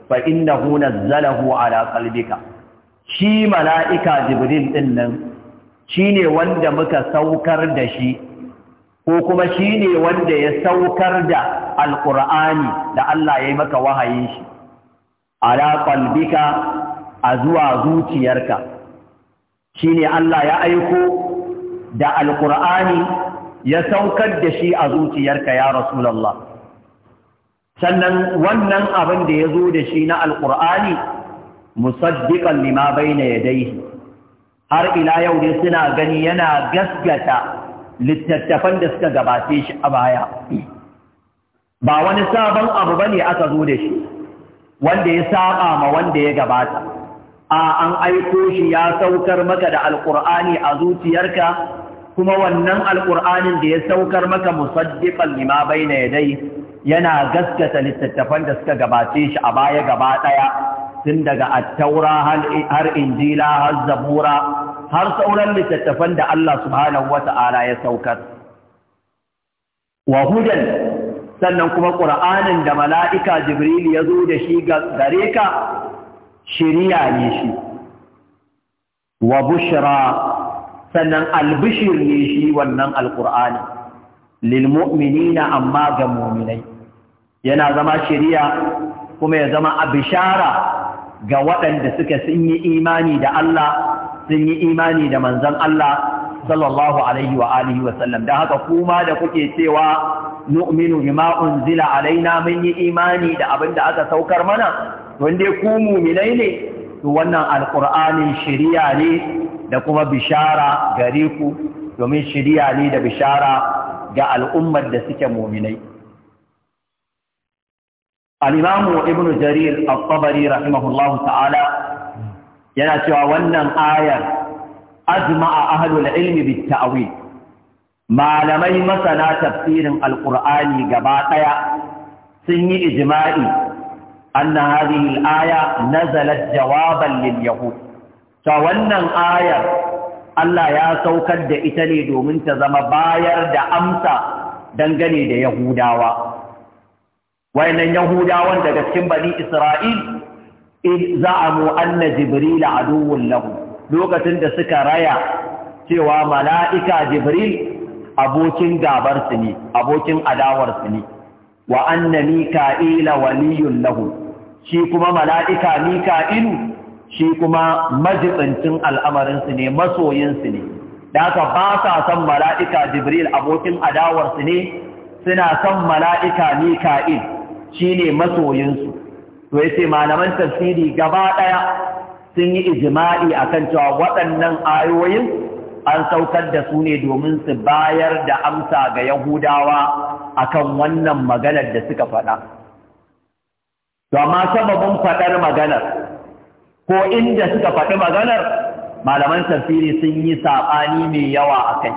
fa innahu nazzalahu ala shi mana'ika jibril din nan shine wanda muka saukar da shi ko kuma shine wanda ya saukar da alqur'ani da Allah ya maka wahayin shi ala qalbika a zuwa zuciyarka shine Allah ya aiko da alqur'ani ya saukar da shi a zuciyarka ya rasulallah. sannan wannan abin da ya zo da shi na alƙur'ani musaddiƙan lima bai na yadaihi har ila yau ne suna gani yana gaskata littattafan da suka gabace shi a baya ba wani sabon abu ba ne aka zo da shi wanda ya saba ma wanda ya gabata a an aiko shi ya saukar maka da alƙur'ani a zuciyarka kuma wannan alƙur'anin da ya saukar maka musaddiƙan lima bai na yadaihi yana gaskata littattafan da suka gabace shi a baya gaba ɗaya tun daga attaura har injila har zabura har sauran littattafan da Allah subhanahu wata'ala ya saukar wa hudan sannan kuma ƙur'anin da mala'ika jibril ya zo da shi gare ka shiriya ne shi wa bushra sannan albishir ne shi wannan alƙur'ani lilmu'minina amma ga mu'minai yana zama shiriya kuma ya zama a bishara ga waɗanda suka sun yi imani da Allah sun yi imani da manzon Allah sallallahu alaihi wa alihi wa sallam da haka kuma da kuke cewa nu'minu bima unzila alaina mun yi imani da abin da aka saukar mana wanda ku mu'minai ne to wannan alqur'anin shiriya ne da kuma bishara gare ku domin shiriya ne da bishara ga al'ummar da suke mu'minai al'imamu Ibnu jarir al-tabari rahimahullahu ta'ala yana cewa wannan ayar azma'a ahlul ilmi bit ta'wil malamai masana tafsirin alqur'ani gaba daya sun yi ijma'i anna hadhihi aya nazalat jawaban lil yahud to wannan ayar Allah ya saukar da ita ne domin ta zama bayar da amsa dangane da yahudawa wayannan yahudawan daga cikin bani isra'il in za'amu anna jibril aduwwun lahu lokacin da suka raya cewa mala'ika jibril abokin gabar su ne abokin adawar su ne wa anna mika'il waliyun lahu shi kuma mala'ika mika'ilu shi kuma majibincin al'amarin su ne masoyin su ne daga ba sa san mala'ika jibril abokin adawar su ne suna san mala'ika mika'il Shi ne masoyinsu to yace malaman tafsiri gaba ɗaya, sun yi a kan cewa waɗannan ayoyin an saukar da su ne domin su bayar da amsa ga Yahudawa a kan wannan maganar da suka faɗa. To amma sababin faɗar maganar ko inda suka faɗi maganar malaman tafsiri sun yi saɓani mai yawa a kai.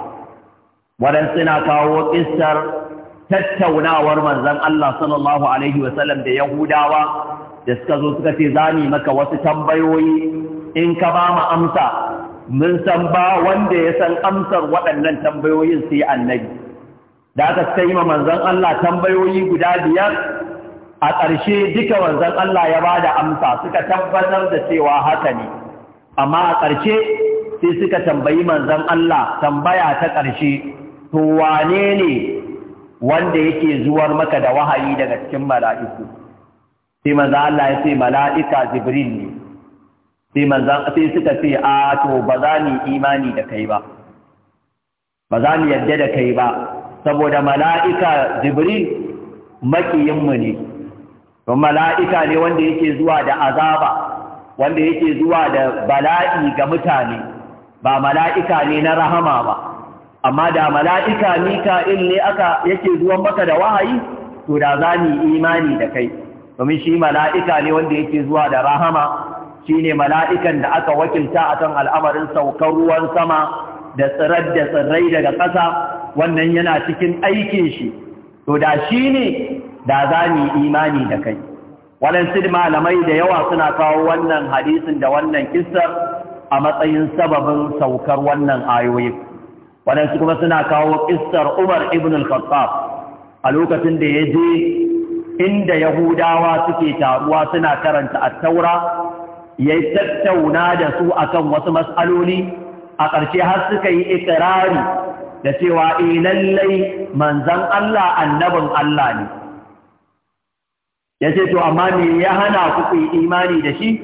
Waɗansu na kawo ƙistar tattaunawar manzon Allah sallallahu alaihi wasallam da Yahudawa da suka zo suka ce zani maka wasu tambayoyi in ka ba mu amsa mun san ba wanda ya san amsar waɗannan tambayoyin sai annabi da aka sai ma manzon Allah tambayoyi guda biyar a ƙarshe duka manzon Allah ya bada amsa suka tabbatar da cewa haka ne amma a ƙarshe sai suka tambayi manzon Allah tambaya ta ƙarshe to wane ne wanda yake zuwar maka da wahayi daga cikin mala'iku sai manzo Allah ya ce mala'ika jibril ne sai manzo sai suka ce a to ba za ni imani da kai ba ba za ni yadda da kai ba saboda mala'ika jibril makiyinmu ne don mala'ika ne wanda yake zuwa da azaba wanda yake zuwa da bala'i ga mutane ba mala'ika ne na rahama ba amma da mala'ika mika'il ne aka yake zuwan maka da wahayi to da za ni imani da kai domin shi mala'ika ne wanda yake zuwa da rahama shi ne mala'ikan da aka wakilta a kan al'amarin saukar ruwan sama da tsirar da tsirrai daga ƙasa wannan yana cikin aikin shi to da shi ne da za ni imani da kai waɗansu malamai da yawa suna kawo wannan hadisin da wannan kissar a matsayin sababin saukar wannan ayoyin waɗansu kuma suna kawo ƙistar umar ibn al-khattab a lokacin da ya je inda yahudawa suke taruwa suna karanta taura, ya tattauna da su akan wasu matsaloli a ƙarshe har suka yi ikirari da cewa eh lallai manzan Allah annabin Allah ne ya ce to amma me ya hana ku imani da shi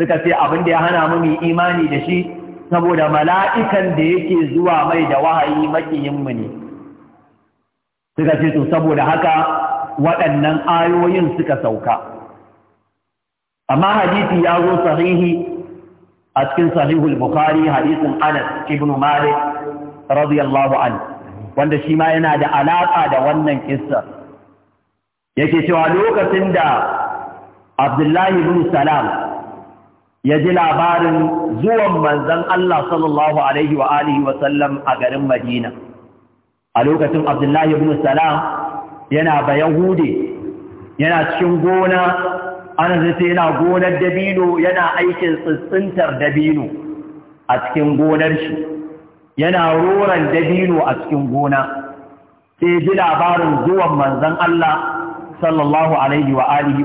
suka ce abin da ya hana mu yi imani da shi saboda mala'ikan da yake zuwa mai da wahayi makiyinmu ne suka ce to saboda haka waɗannan ayoyin suka sauka amma hadisi ya zo sahihi a cikin sahihul bukhari hadisin anas ibn malik radiyallahu an wanda shi ma yana da alaƙa da wannan kissa yake cewa lokacin da abdullahi bin salam ya ji labarin zuwan manzan Allah sallallahu Alaihi wa alihi a garin Madina. A lokacin Abdullahi ibn Salam yana bayan hude, yana cikin gona, ana zata yana gonar dabino yana aikin tsintsintar dabino a cikin gonar shi, yana roran dabino a cikin gona, sai ji labarin zuwan manzan Allah sallallahu Alaihi wa alihi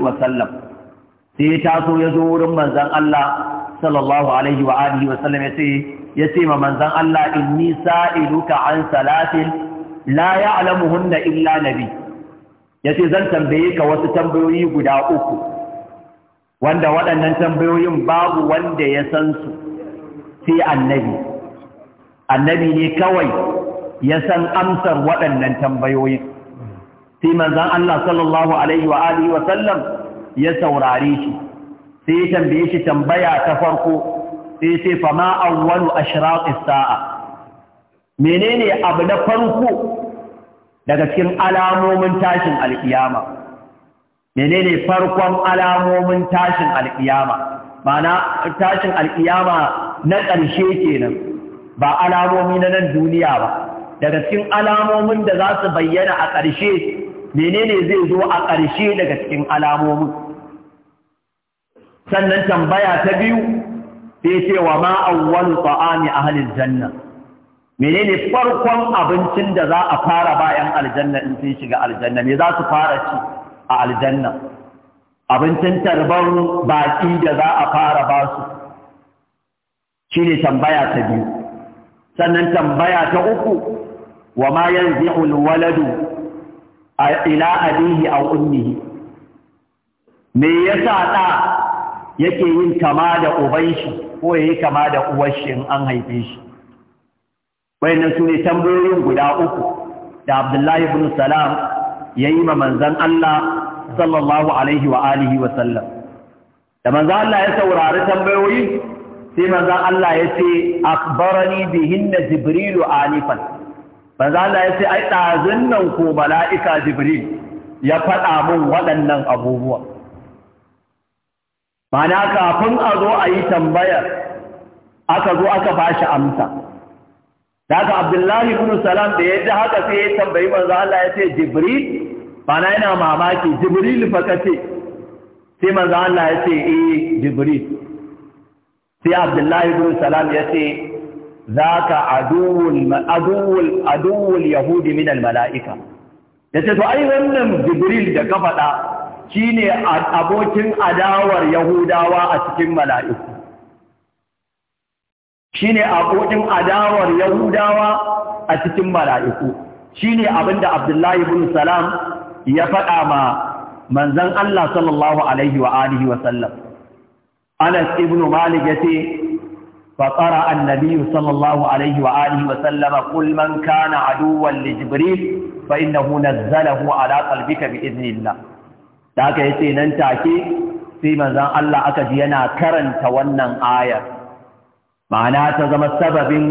sai ya taso ya zo wurin manzan Allah sallallahu alaihi wa alihi wa ya ce ma manzan Allah inni sa'iluka an salatin la alamuhunna illa nabi ce zan tambaye ka wasu tambayoyi guda uku wanda waɗannan tambayoyin babu wanda ya san su sai annabi annabi ne kawai ya san amsar waɗannan tambayoyin sai manzan Allah sallallahu alaihi wa alihi wa sallam ya saurare shi sai ya tambaye shi tambaya ta farko sai ya ce fa ma awwalu ashraqis sa'a menene abu na farko daga cikin alamomin tashin alkiyama menene farkon alamomin tashin alkiyama Mana tashin alkiyama na ƙarshe kenan ba alamomi na nan duniya ba daga cikin alamomin da za su bayyana a ƙarshe menene zai zo a ƙarshe daga cikin alamomin sannan tambaya ta biyu sai ce wa ma awwal ta'ami ahlil janna menene farkon abincin da za a fara bayan aljanna in sun shiga aljanna me za su fara ci a aljanna abincin tarbar baki da za a fara ba su shine tambaya ta biyu sannan tambaya ta uku wa ma yanzi'ul waladu ila abihi aw ummihi me yasa da yake yin kama da uban shi ko yayi kama da uwar shi in an haife shi wayannan su ne tambayoyin guda uku da Abdullahi ibn Salam yayi ma manzon Allah sallallahu alaihi wa alihi wa sallam da manzon Allah ya saurari tambayoyi sai manzon Allah ya ce akhbarani bihinna jibrilu anifan manzon Allah ya ce ai dazun nan ko mala'ika jibril ya faɗa mun waɗannan abubuwa mana kafin a zo a yi tambayar aka zo aka bashi amsa ka abdullahi ibn salam da ya ji haka sai ya tambayi manzo Allah ya ce jibril mana yana mamaki jibril fa kace sai manzo Allah ya ce eh jibril sai abdullahi ibn salam ya ce zaka aduwul aduwul aduwul yahudi min al malaika yace to ai wannan jibril da ka faɗa shine abokin adawar yahudawa a cikin mala'iku shine abokin adawar yahudawa a cikin mala'iku shine abinda abdullahi bin salam ya faɗa ma manzon Allah sallallahu alaihi wa alihi wa sallam Anas ibn Malik yace فقرأ النبي صلى الله عليه وآله وسلم قل من كان عدوا لجبريل فإنه نزله على قلبك بإذن الله da aka yace nan take sai manzon Allah aka ji yana karanta wannan ayar ma'ana ta zama sababin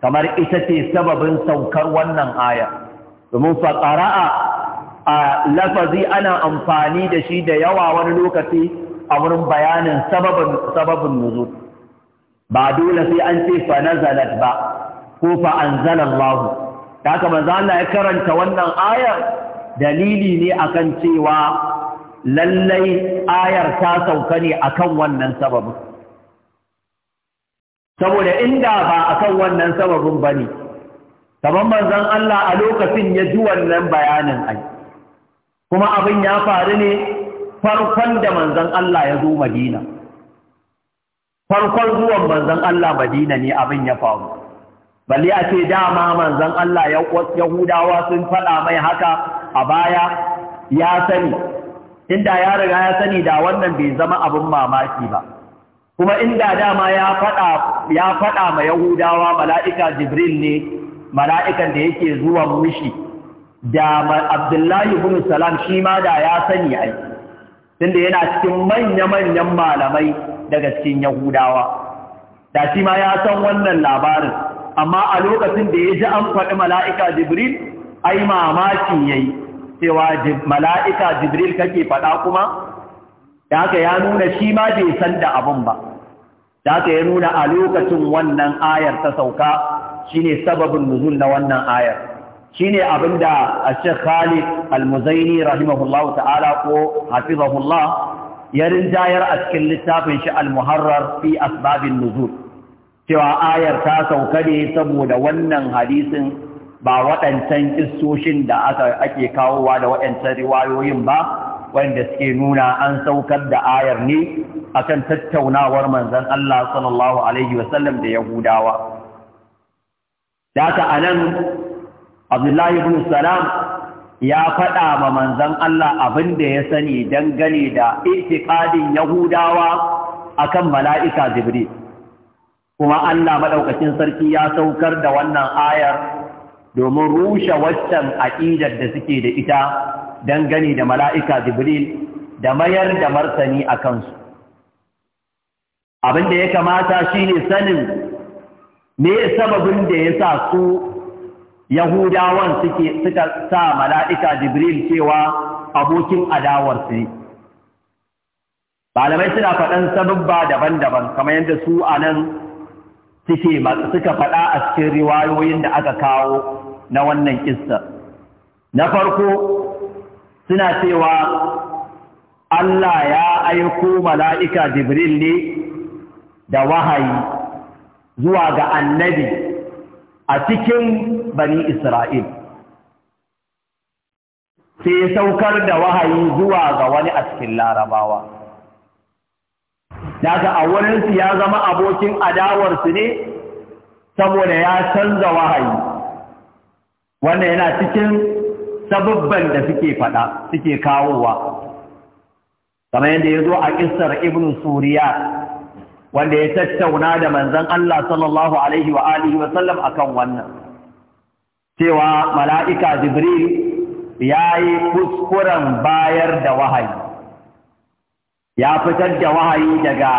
kamar ita ce sababin saukar wannan ayar. domin fa qara'a a lafazi ana amfani da shi da yawa wani lokaci a wurin bayanin sababin sababin nuzul ba dole sai an ce fa nazalat ba ko fa anzalallahu haka manzo Allah ya karanta wannan ayar dalili ne akan cewa lallai ayar ta sauka ne akan wannan sababin saboda inda ba akan wannan sababin ne, kamar manzon Allah a lokacin ya ji wannan bayanin ai kuma abin ya faru ne farkon da manzon Allah ya zo Madina farkon zuwan manzon Allah Madina ne abin ya faru balle a ce dama manzon Allah Yahudawa sun faɗa mai haka a baya ya sani inda ya riga ya sani da wannan bai zama abin mamaki ba kuma inda dama ya faɗa ya fada ma yahudawa mala'ika jibril ne mala'ikan da yake zuwa mushi da abdullahi ibn salam shi ma da ya sani ai tunda yana cikin manya-manyan malamai daga cikin yahudawa da shi ma ya san wannan labarin amma a lokacin da ya ji an faɗi mala'ika jibril ai mamaki yayi cewa mala'ika jibril kake faɗa kuma da ka ya nuna shi ma bai san da abin ba da ka ya nuna a lokacin wannan ayar ta sauka shine sababin nuzul na wannan ayar shine a Sheikh Khalid Al-Muzaini rahimahullahu ta'ala ko hafizahullah ya rinjayar a cikin littafin shi Al-Muharrar fi asbabin nuzul cewa ayar ta sauka ne saboda wannan hadisin ba waɗancan kistoshin da aka ake kawowa da waɗancan riwayoyin ba wanda suke nuna an saukar da ayar ne akan tattaunawar manzon Allah sallallahu alaihi wasallam da Yahudawa daka anan Abdullahi ibn Salam ya faɗa ma manzon Allah abin da ya sani dangane da itiqadin Yahudawa akan mala'ika Jibril kuma Allah Maɗaukacin sarki ya saukar da wannan ayar domin rushe waccan aƙidar da suke da ita dangane da mala'ika Jibril da mayar da martani a kansu. Abin da ya kamata shi ne sanin me sababin da ya sa su Yahudawan suka sa mala'ika Jibril cewa abokin adawarsu ne. Malamai suna faɗan sababba daban-daban kamar yadda su a nan suka faɗa a cikin riwayoyin da aka kawo na wannan kissa na farko suna cewa Allah ya aiko mala'ika Jibril ne da wahayi zuwa ga annabi a cikin bani Isra'il. Sai saukar da wahayi zuwa ga wani a cikin larabawa. Daga a wurinsu ya zama abokin adawarsu ne saboda ya canza wahayi. wannan yana cikin sababban da suke faɗa suke kawowa kamar yadda ya zo a ƙisar ibn suriya wanda ya tattauna da manzan Allah sallallahu alaihi wa alihi wa sallam kan wannan cewa mala'ika jibril ya yi kuskuren bayar da wahayi ya fitar da wahayi daga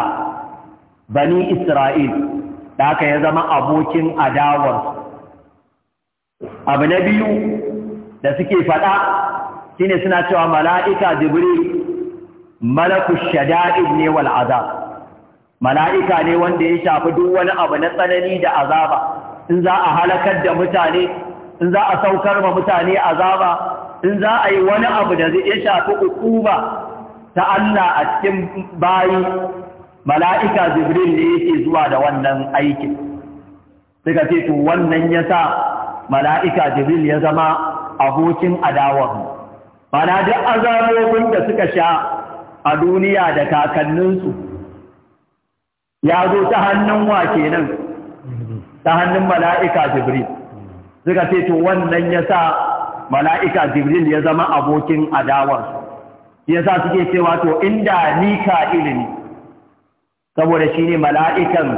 bani isra'il da aka ya zama abokin adawarsu abu na biyu da suke faɗa shine suna cewa mala'ika jibril malaku shada'id ne wal azab mala'ika ne wanda ya shafi duk wani abu na tsanani da azaba in za a halakar da mutane in za a saukar ma mutane azaba in za a yi wani abu da zai shafi ukuba ta Allah a cikin bayi mala'ika jibril ne yake zuwa da wannan aikin suka ce to wannan ya sa. mala'ika jibril ya zama abokin adawarmu mana duk azabobin da suka sha a duniya da kakanninsu ya zo ta hannun wa kenan ta hannun mala'ika jibril suka ce to wannan ya sa mala'ika jibril ya zama abokin adawarsu ya sa suke cewa to inda ka ilimi saboda shi ne mala'ikan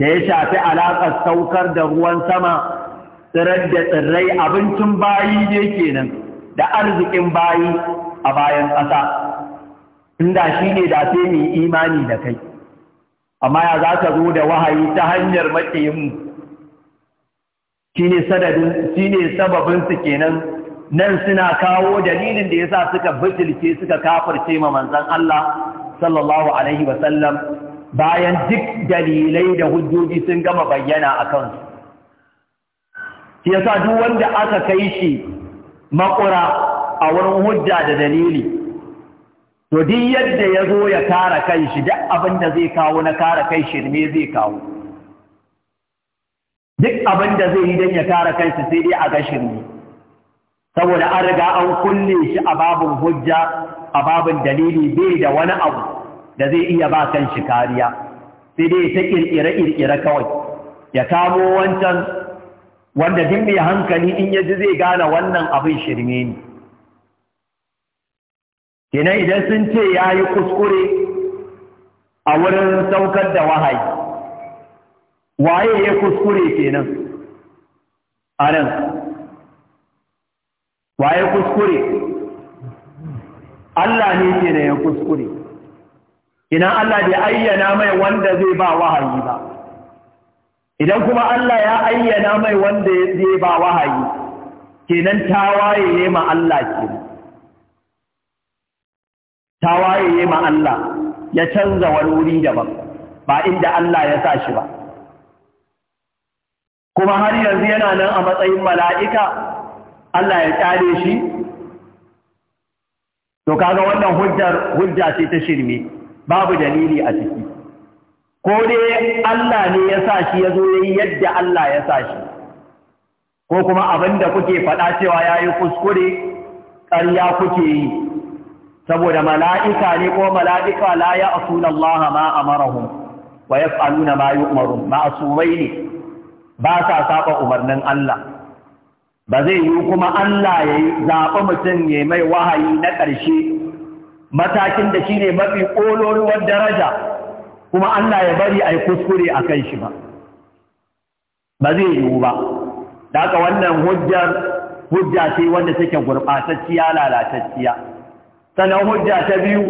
da ya shafi alaƙar saukar da ruwan sama tsirar da tsirrai abincin bayi ne kenan da arzikin bayi a bayan ƙasa inda shi ne da sai mai imani da kai amma ya za ka zo da wahayi ta hanyar maƙiyinmu shi ne sababin su kenan nan suna kawo dalilin da ya sa suka bitilce suka kafarce ma manzan Allah sallallahu alaihi wasallam bayan duk dalilai da hujjoji sun gama bayyana a kansu yasa duk wanda aka kai shi makura a wurin hujja da dalili to duk yadda ya zo ya kare shi duk abin da zai kawo na kare kai shi ne zai kawo duk abin da zai yi dan ya kare shi sai dai a ga shirme saboda an riga an kulle shi a babun hujja a babin dalili bai da wani abu da zai iya ba kan shi kariya sai dai ta kirkire-kirkire kawai ya kamo wancan wanda duk mai hankali in ya ji zai gane wannan abin shirme ne Kina idan sun ce ya yi kuskure a wurin saukar da wahayi waye ya kuskure kenan a nan waye kuskure Allah ne kenan ya kuskure kenan Allah bai ayyana mai wanda zai ba wahayi ba idan kuma Allah ya ayyana mai wanda ya ba wahayi kenan tawaye ne ma Allah ke tawaye ya ma Allah ya canza wani wuri daban ba inda Allah ya sa shi ba kuma har yanzu yana nan a matsayin mala'ika Allah ya ƙare shi to kaga wannan hujjar hujja ce ta shirme babu dalili a ciki ko dai Allah ne ya sa shi ya zo ya yi yadda Allah ya sa shi ko kuma abin da kuke faɗa cewa ya yi kuskure ƙarya kuke yi saboda mala'ika ne ko mala'ika la ya asuna Allah ma amarahum wa ya ma yi umarun ma'asumai ne ba sa saba umarnin Allah ba zai yi kuma Allah ya yi zaɓi mutum ya mai wahayi na ƙarshe matakin da shi ne mafi ƙoloruwar daraja kuma Allah ya bari a yi kuskure a kan shi ba ba zai yiwu ba da haka wannan hujjar hujja ce wanda take gurɓatacciya lalatacciya sannan hujja ta biyu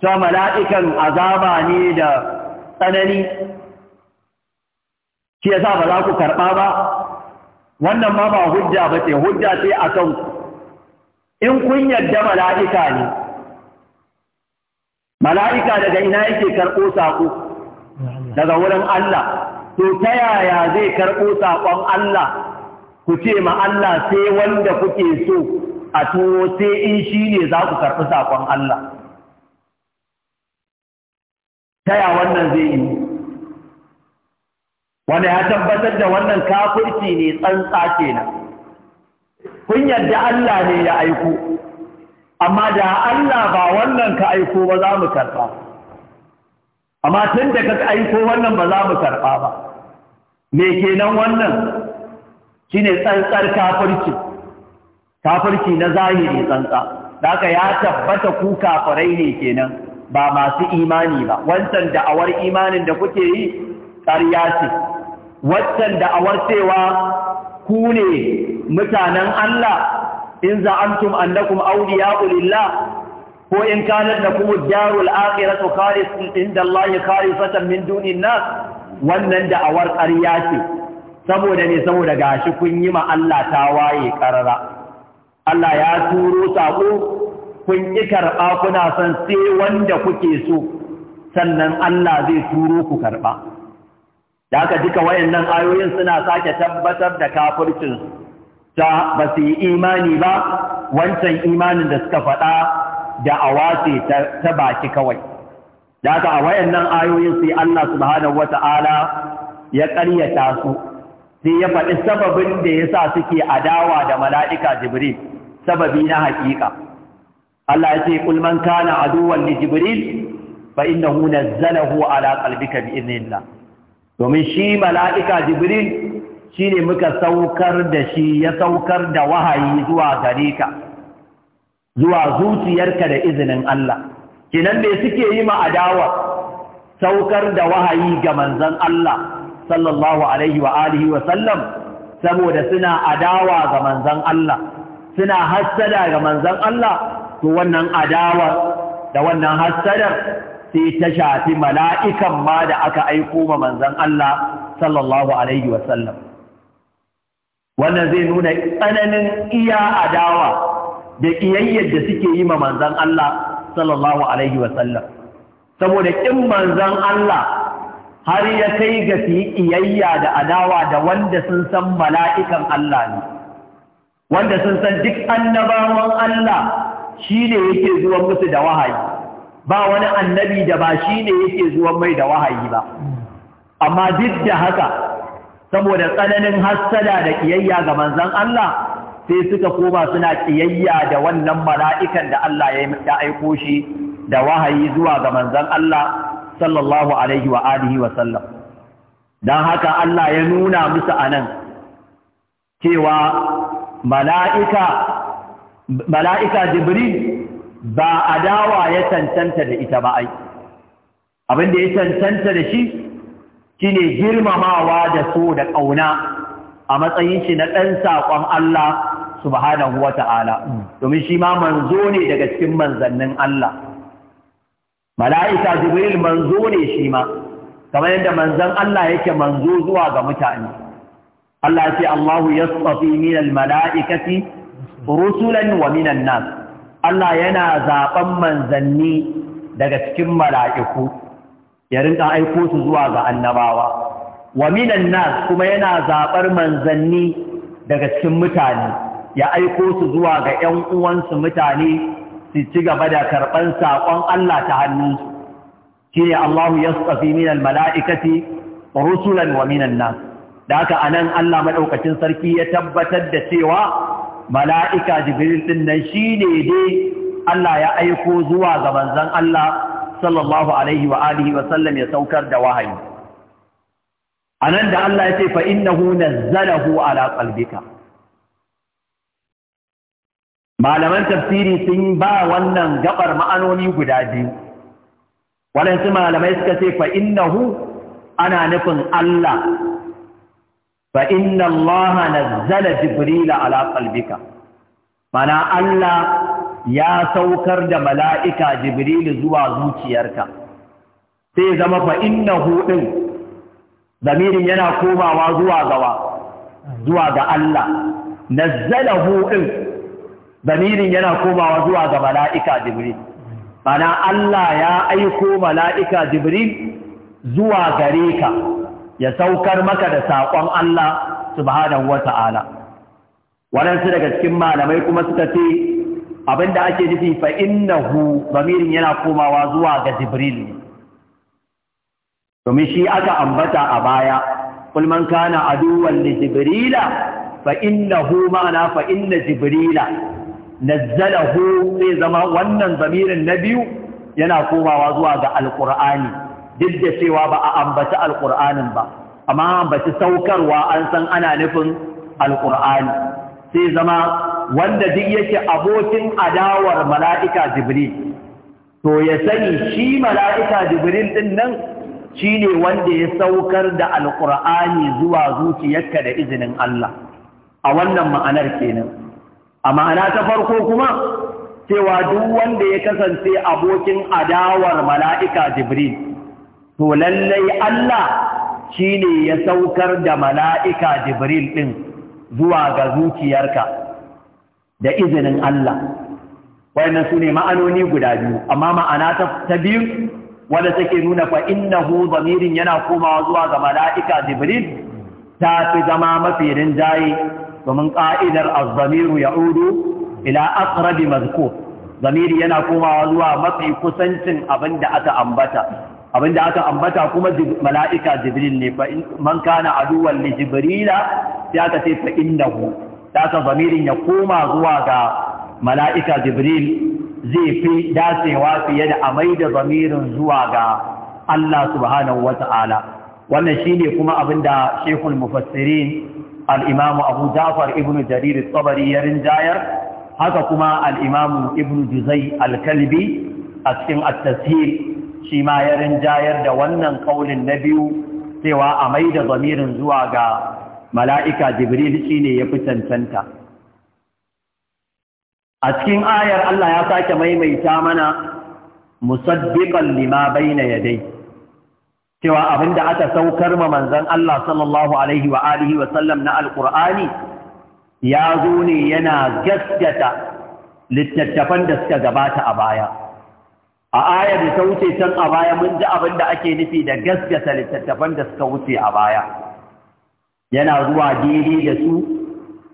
ta mala'ikan azaba ne da tsanani shi yasa ba za ku karɓa ba wannan ma ba hujja ba ce hujja ce a kan in kun yarda mala'ika ne mala'ika daga ina yake karɓo saƙo daga wurin Allah to ta yaya zai karɓo saƙon Allah ku ce ma Allah sai wanda kuke so a tuwo sai in shi ne za ku karɓi saƙon Allah ta ya wannan zai yi wanda ya tabbatar da wannan kafirci ne tsantsa kenan kun yarda Allah ne ya aiko amma da Allah ba wannan ka aiko ba za mu karɓa amma tun da ka aiko wannan ba za mu karɓa ba me kenan wannan shine tsantsar kafirci kafirci na zahiri tsantsa haka ya tabbata ku kafirai ne kenan ba masu imani ba wancan da'awar imanin da kuke yi ƙarya ce wancan da'awar cewa ku ne mutanen Allah in za'antum annakum awliya'u lillah ko in kanar da kuma darul akhiratu khalisun inda Allah khalisatan min dunin nas wannan da'awar ƙarya ce saboda ne saboda gashi kun yi ma Allah ta waye karara Allah ya turo sako kun ki karba kuna san sai wanda kuke so sannan Allah zai turo ku karba da haka duka wayannan ayoyin suna sake tabbatar da kafircin ta ba su yi imani ba wancan imanin da suka faɗa da awace ta baki kawai da haka a wayannan ayoyin sai Allah subhanahu wata'ala ya ƙaryata su sai ya faɗi sababin da ya sa suke adawa da mala'ika jibril sababi na haƙiƙa Allah ya ce kul kana aduwan li jibril fa innahu nazzalahu ala qalbika bi idnillah domin shi mala'ika jibril ne muka saukar da shi ya saukar da wahayi zuwa gare ka zuwa zuciyarka da izinin Allah kinan me suke yi ma adawa saukar da wahayi ga manzon Allah sallallahu alaihi wa alihi wa sallam saboda suna adawa ga manzon Allah suna hassada ga manzon Allah to wannan adawa da wannan hassadar sai ta shafi mala'ikan ma da aka aiko ma manzon Allah sallallahu alaihi wa sallam wannan zai nuna tsananin iya adawa da ƙiyayyar da suke yi ma manzan Allah sallallahu alaihi wasallam saboda ƙin manzan Allah har ya kai ga fi ƙiyayya da adawa da wanda sun san mala'ikan Allah ne wanda sun san duk annabawan Allah shi ne yake zuwa musu da wahayi ba wani annabi da ba shi ne yake zuwa mai da wahayi ba amma duk da haka saboda tsananin hassada da ƙiyayya ga manzon Allah sai suka koma suna ƙiyayya da wannan mala'ikan da Allah ya aiko shi da wahayi zuwa ga manzon Allah sallallahu alaihi wa alihi wa sallam dan haka Allah ya nuna musu anan cewa mala'ika mala'ika jibril ba adawa ya cancanta da ita ba ai abin da ya cancanta da shi ne girmamawa da so da ƙauna a matsayin shi na ɗan saƙon Allah subhanahu wa ta'ala domin shi ma manzo ne daga cikin manzannin Allah mala'ika jibril manzo ne shi ma kamar yadda manzan Allah yake manzo zuwa ga mutane Allah ce Allahu yasfafi min al-mala'ikati rusulan wa minan nas Allah yana zaɓen manzanni daga cikin mala'iku ya rinka aiko su zuwa ga annabawa wa minan nas kuma yana zabar manzanni daga cikin mutane ya aiko su zuwa ga ƴan uwansu mutane su ci gaba da karban sakon Allah ta hannunsu shine Allahu yastafi minal mala'ikati rusulan wa minan nas da haka anan Allah madaukakin sarki ya tabbatar da cewa mala'ika jibril din nan shine dai Allah ya aiko zuwa ga manzon Allah sallallahu alaihi wa alihi wa sallam ya saukar da wahayi anan da Allah ya ce fa innahu nazzalahu ala qalbika malaman tafsiri sun ba wannan gabar ma'anoni guda biyu waɗansu malamai suka ce fa innahu ana nufin Allah fa inna Allah nazzala jibril ala qalbika mana Allah ya saukar da mala'ika Jibril zuwa zuciyarka sai zama fa innahu din zamirin yana komawa zuwa gawa zuwa ga Allah nazzalahu din zamirin yana komawa zuwa ga mala'ika jibril Bana Allah ya aiko mala'ika jibril zuwa gare ka ya saukar maka da saƙon Allah subhanahu wata'ala waɗansu daga cikin malamai kuma suka ce Abin da ake nufi fa innahu bamirin yana komawa zuwa ga jibril domin shi aka ambata a baya Kulman kana aduwwan li jibrila fa innahu ma'ana fa inna jibrila nazzalahu sai zama wannan bamirin na biyu yana komawa zuwa ga alqur'ani duk da cewa ba a ambata alqur'anin ba amma ambaci saukarwa an san ana nufin alqur'ani sai zama wanda duk yake abokin adawar mala'ika jibril to ya sani shi mala'ika jibril ɗin nan shi ne wanda ya saukar da alƙur'ani zuwa zuciyarka da izinin Allah a wannan ma'anar kenan a ma'ana ta farko kuma cewa duk wanda ya kasance abokin adawar mala'ika jibril to lallai Allah shi ne ya saukar da mala'ika jibril ɗin zuwa ga zuciyarka da izinin Allah wayannan sune ma'anoni guda biyu amma ma'ana ta biyu wanda take nuna fa innahu zamirin yana komawa zuwa ga mala'ika jibril ta fi zama mafi rinjaye domin ƙa'idar az-zamiru ya'udu ila aqrabi mazkur zamiri yana komawa zuwa mafi kusancin abin da aka ambata abinda aka ambata kuma mala'ika jibril ne fa man kana aduwan li jibrila ya aka ce fa indahu taka zamirin ya koma zuwa ga mala'ika jibril zai fi dacewa fiye da amai da zamirin zuwa ga Allah subhanahu wata'ala wannan shine kuma abinda shekul mufassirin al abu jafar ibnu jarir tsabari ya rinjayar haka kuma Al'imamu Ibn ibnu juzai al-kalbi a cikin at-tashir shi ma ya rinjayar da wannan kaulin na biyu cewa a mai da zamirin zuwa ga mala'ika jibril shi ne ya fi cancanta a cikin ayar Allah ya sake maimaita mana musaddiƙan lima bayna yadai cewa abinda aka saukar ma manzon Allah sallallahu alaihi wa alihi sallam na Alƙur'ani ya zo ne yana gaskata littattafan da suka gabata a baya a ayar da ta wuce can a baya mun ji abin da ake nufi da gasgasa littattafan da suka wuce a baya yana zuwa daidai da su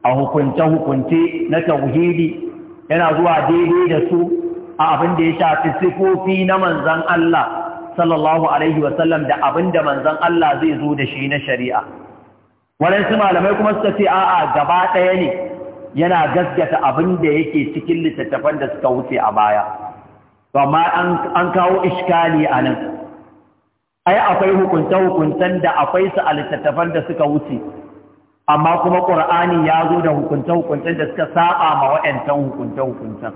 a hukunce-hukunce na tauhidi yana zuwa daidai da su a abin da ya shafi sifofi na manzan Allah sallallahu alaihi wasallam da abin da manzan Allah zai zo da shi na shari'a waɗansu malamai kuma suka ce a'a gaba ɗaya ne yana gaskata abin da yake cikin littattafan da suka wuce a baya amma an kawo iskali a nan ai akwai hukunce-hukuncen da akwai su a littattafan da suka wuce amma kuma ƙur'ani ya zo da hukunce-hukuncen da suka saɓa ma wa'yantan hukunce-hukuncen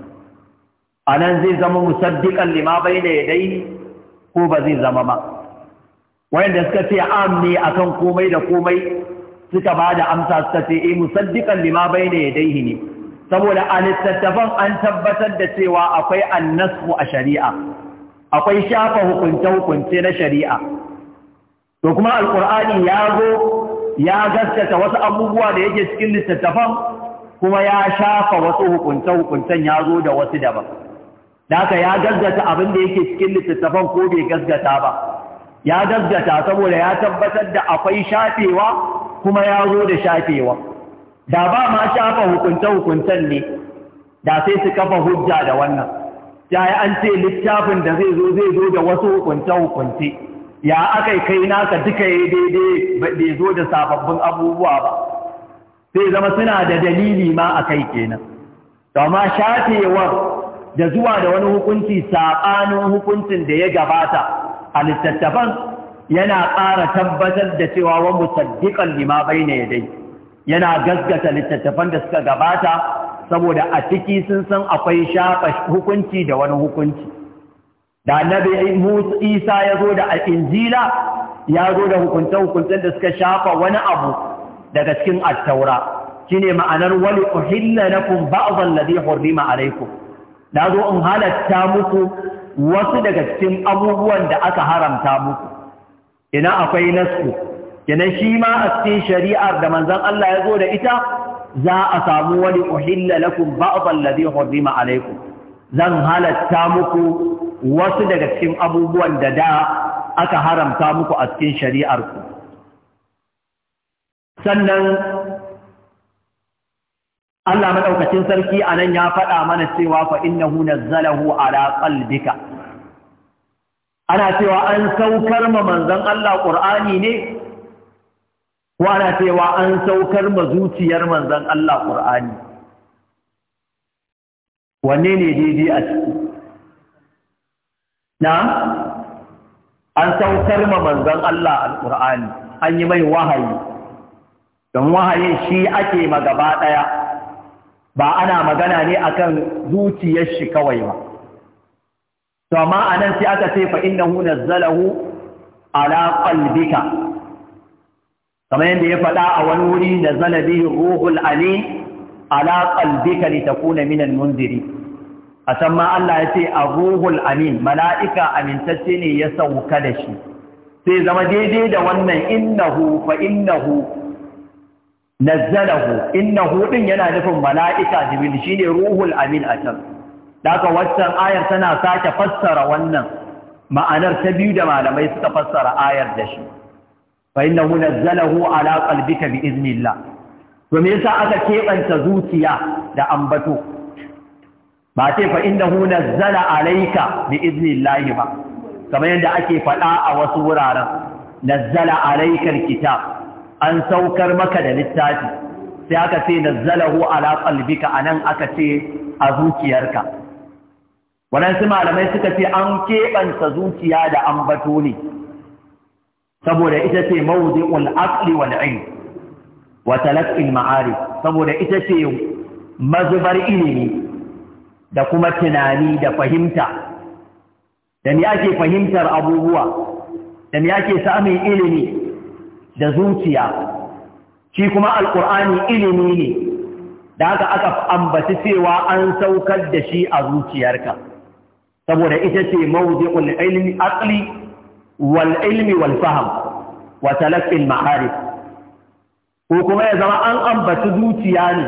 a nan zai zama musaddiƙan lima bai da dai ko ba zai zama ba wayanda suka ce am ne a kan komai da komai suka ba da amsa suka ce e eh, musaddiƙan lima bai da dai ne saboda a littattafan an tabbatar da cewa akwai annasu a shari'a akwai shafa hukunce-hukunce na shari'a to kuma alkur'ani ya zo ya gaskata wasu abubuwa da yake cikin littattafan kuma ya shafa wasu hukunce-hukuncen ya zo da wasu daban da haka ya gaskata abin da yake cikin littattafan ko bai gaskata ba ya gaskata saboda ya tabbatar da akwai shafewa kuma ya zo da shafewa da ba ma shafa hukunce-hukuncen ne da sai su kafa hujja da wannan ya yi an ce littafin da zai zo zai zo da wasu hukunce-hukunce ya aka kai naka duka ya daidai bai zo da sababbin abubuwa ba sai zama suna da dalili ma a kai kenan amma shafewar da zuwa da wani hukunci saɓanin hukuncin da ya gabata a littattafan yana ƙara tabbatar da cewa wa musaddiƙan lima bai ne ya dai yana gaskata littattafan da suka gabata saboda a ciki sun san akwai shafa hukunci da wani hukunci da annabi Isa ya zo da injila ya zo da hukunce-hukuncen da suka shafa wani abu daga cikin attaura shine ma'anar wali uhilla lakum ba'd ladi hurrima alaykum na zo in halatta muku wasu daga cikin abubuwan da aka haramta muku ina akwai nasu kenan shi ma a cikin shari'ar da manzon Allah ya zo da ita za a samu wani uhilla lakum ba'd alladhi hurrima alaykum zan halatta muku wasu daga cikin abubuwan da da aka haramta muku a cikin shari'ar ku sannan Allah madaukakin sarki anan ya faɗa mana cewa fa innahu nazzalahu ala qalbika ana cewa an saukar ma manzon Allah Qur'ani ne ko ana cewa an saukar ma zuciyar manzon Allah Qur'ani wanne ne daidai a ciki na an saukar ma manzon Allah ƙur'ani, qurani an yi mai wahayi don wahayi shi ake magaba gaba daya ba ana magana ne akan zuciyar shi kawai ba to amma anan sai aka ce fa innahu nazzalahu ala qalbika kamar yadda ya faɗa a wani wuri da zalabi ruhul ani ala qalbika litakuna minan munziri a can ma Allah ya ce a ruhul amin mala'ika amintacce ne ya sauka da shi sai zama daidai da wannan innahu fa innahu nazzalahu innahu din yana nufin mala'ika jibril shine ruhul amin a can daga waccan ayar tana sake fassara wannan ma'anar ta biyu da malamai suka fassara ayar da shi fa innahu nazzalahu ala qalbika bi iznillah to me yasa aka kebanta zuciya da ambato ba ce fa innahu nazzala alayka bi iznillah ba kamar yadda ake faɗa a wasu wuraren nazzala alayka alkitab an saukar maka da littafi sai aka ce nazzalahu ala qalbika anan aka ce a zuciyarka waɗansu malamai suka ce an keɓanta zuciya da ambato ne saboda ita ce mawdi'ul aqli wal wa talaqqi ma'arif saboda ita ce mazubar ilimi da kuma tunani da fahimta da me ake fahimtar abubuwa da me ake samun ilimi da zuciya shi kuma alqur'ani ilimi ne da haka aka ambaci cewa an saukar da shi a zuciyarka saboda ita ce mawdi'ul ilmi aqli wal ilmi wal faham wa talaqqi ma'arif ko kuma ya zama an ambaci zuciya ne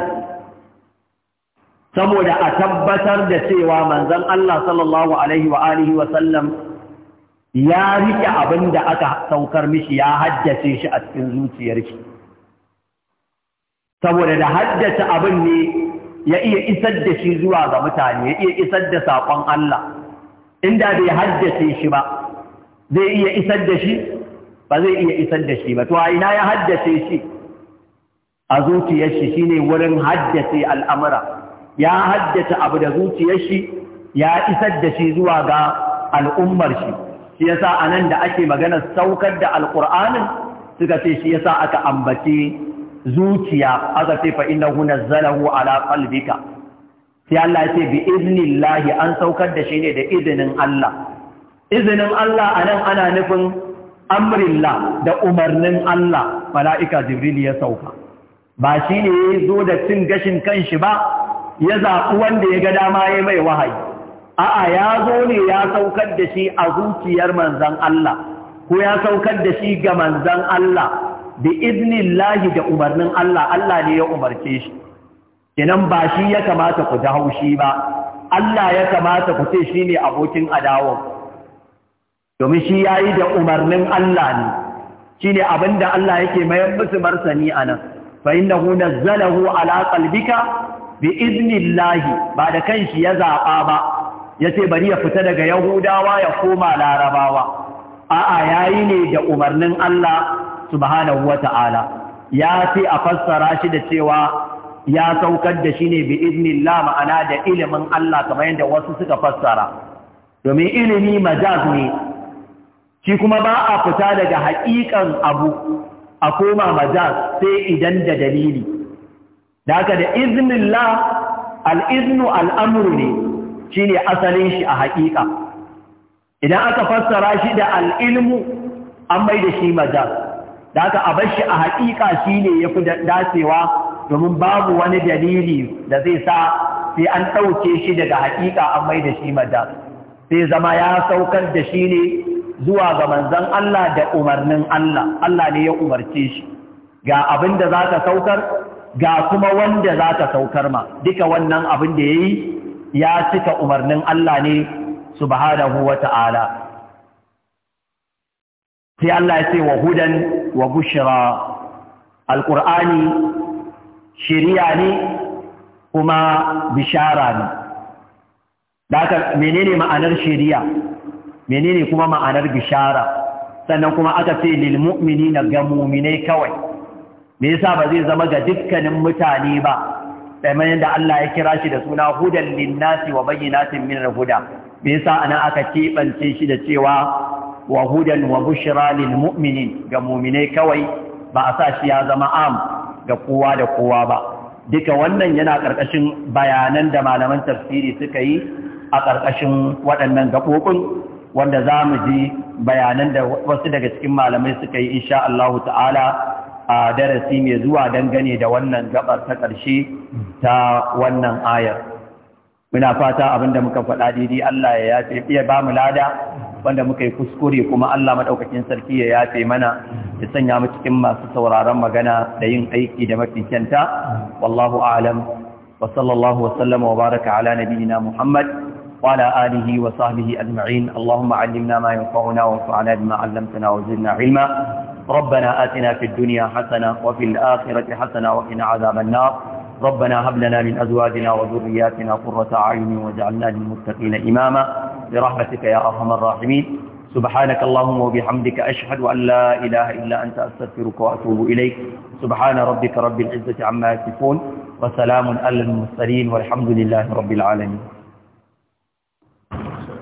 saboda a tabbatar da cewa manzon Allah sallallahu alaihi wa alihi wa sallam ya rike abin da aka saukar mishi ya haddace shi a cikin zuciyar shi saboda da haddace abin ne ya iya isar da shi zuwa ga mutane ya iya isar da saƙon Allah inda bai haddace shi ba zai iya isar da shi ba zai iya isar da shi ba to a ya haddace shi a zuciyar shi ne wurin haddace al'amura ya haddace abu da zuciyar shi ya isar da shi zuwa ga al'ummar shi shi a nan da ake maganar saukar da alqur'anin suka ce shi yasa aka ambace zuciya aka ce fa innahu nazzalahu ala qalbika sai Allah ya ce bi idnillahi an saukar da shi ne da idinin Allah izinin Allah a nan ana nufin amrilla da umarnin Allah mala'ika jibril ya sauka ba shi ne ya zo da cin gashin kanshi ba ya zaɓi wanda ya ga dama ya mai wahayi a'a ya zo ne ya saukar da shi a zuciyar manzan Allah ko ya saukar da shi ga manzan Allah bi iznillahi da umarnin Allah Allah ne ya umarce shi kenan ba shi ya kamata ku ji haushi ba Allah ya kamata ku ce shi ne abokin adawar domin shi ya yi da umarnin Allah ne shi ne abin da Allah yake mayar musu martani a nan fa inna hu ala qalbika bi iznillahi ba da kanshi ya zaɓa ba yace bari ya fita daga yahudawa ya koma larabawa a'a yayi ne da umarnin Allah subhanahu ta'ala. ya ce a fassara shi da cewa ya saukar da shi ne bi iznillah ma'ana da ilimin Allah kamar yadda wasu suka fassara domin ilimi majaz ne shi kuma ba a fita daga haƙiƙan abu a koma majaz sai idan da dalili da aka da iznillah al'iznu al'amuru ne shi ne asalin shi a haƙiƙa idan aka fassara shi da al'ilmu an mai da shi majaz da aka a bar shi a haƙiƙa shi ne ya fi dacewa domin babu wani dalili da zai sa sai an ɗauke shi daga haƙiƙa an mai da shi majaz sai zama ya saukar da shi ne zuwa ga manzan Allah da umarnin Allah, Allah ne ya umarce shi, ga abin da za ta saukar, ga kuma wanda za ta saukar ma, duka wannan abin da ya yi ya cika umarnin Allah ne, subhanahu wa ta'ala. Sai Allah ya ce wa hudan wa gushira Al'ur'ani shiriya ne kuma bishara ne. menene ma'anar shiriya? menene kuma ma'anar bishara sannan kuma aka ce lil mu'minina ga mu'minai kawai me yasa ba zai zama ga dukkanin mutane ba kamar yadda Allah ya kira shi da suna hudan linnasi wa bayyinatin min al-huda me yasa ana aka kebance shi da cewa wa hudan wa bushra lil mu'minin ga mu'minai kawai ba a sa shi ya zama am ga kowa da kowa ba duka wannan yana karkashin bayanan da malaman tafsiri suka yi a karkashin waɗannan gaɓoɓin wanda za mu ji bayanan da wasu daga cikin malamai suka yi insha Allah ta'ala a darasi mai zuwa dangane da wannan gabar ta ƙarshe ta wannan ayar. Muna fata abinda muka faɗa daidai Allah ya yafe iya ba mu lada wanda muka yi kuskure kuma Allah maɗaukakin sarki ya yafe mana ya sanya mu cikin masu sauraron magana da yin aiki da mafi kyanta. Wallahu a'lam wa sallallahu wa sallama wa baraka ala nabiyina Muhammad وعلى آله وصحبه أجمعين اللهم علمنا ما ينفعنا وانفعنا بما علمتنا وزدنا علما ربنا آتنا في الدنيا حسنة وفي الآخرة حسنة وقنا عذاب النار ربنا هب لنا من أزواجنا وذرياتنا قرة أعين واجعلنا للمتقين إماما برحمتك يا أرحم الراحمين سبحانك اللهم وبحمدك أشهد أن لا إله إلا أنت أستغفرك وأتوب إليك سبحان ربك رب العزة عما يصفون وسلام على المرسلين والحمد لله رب العالمين So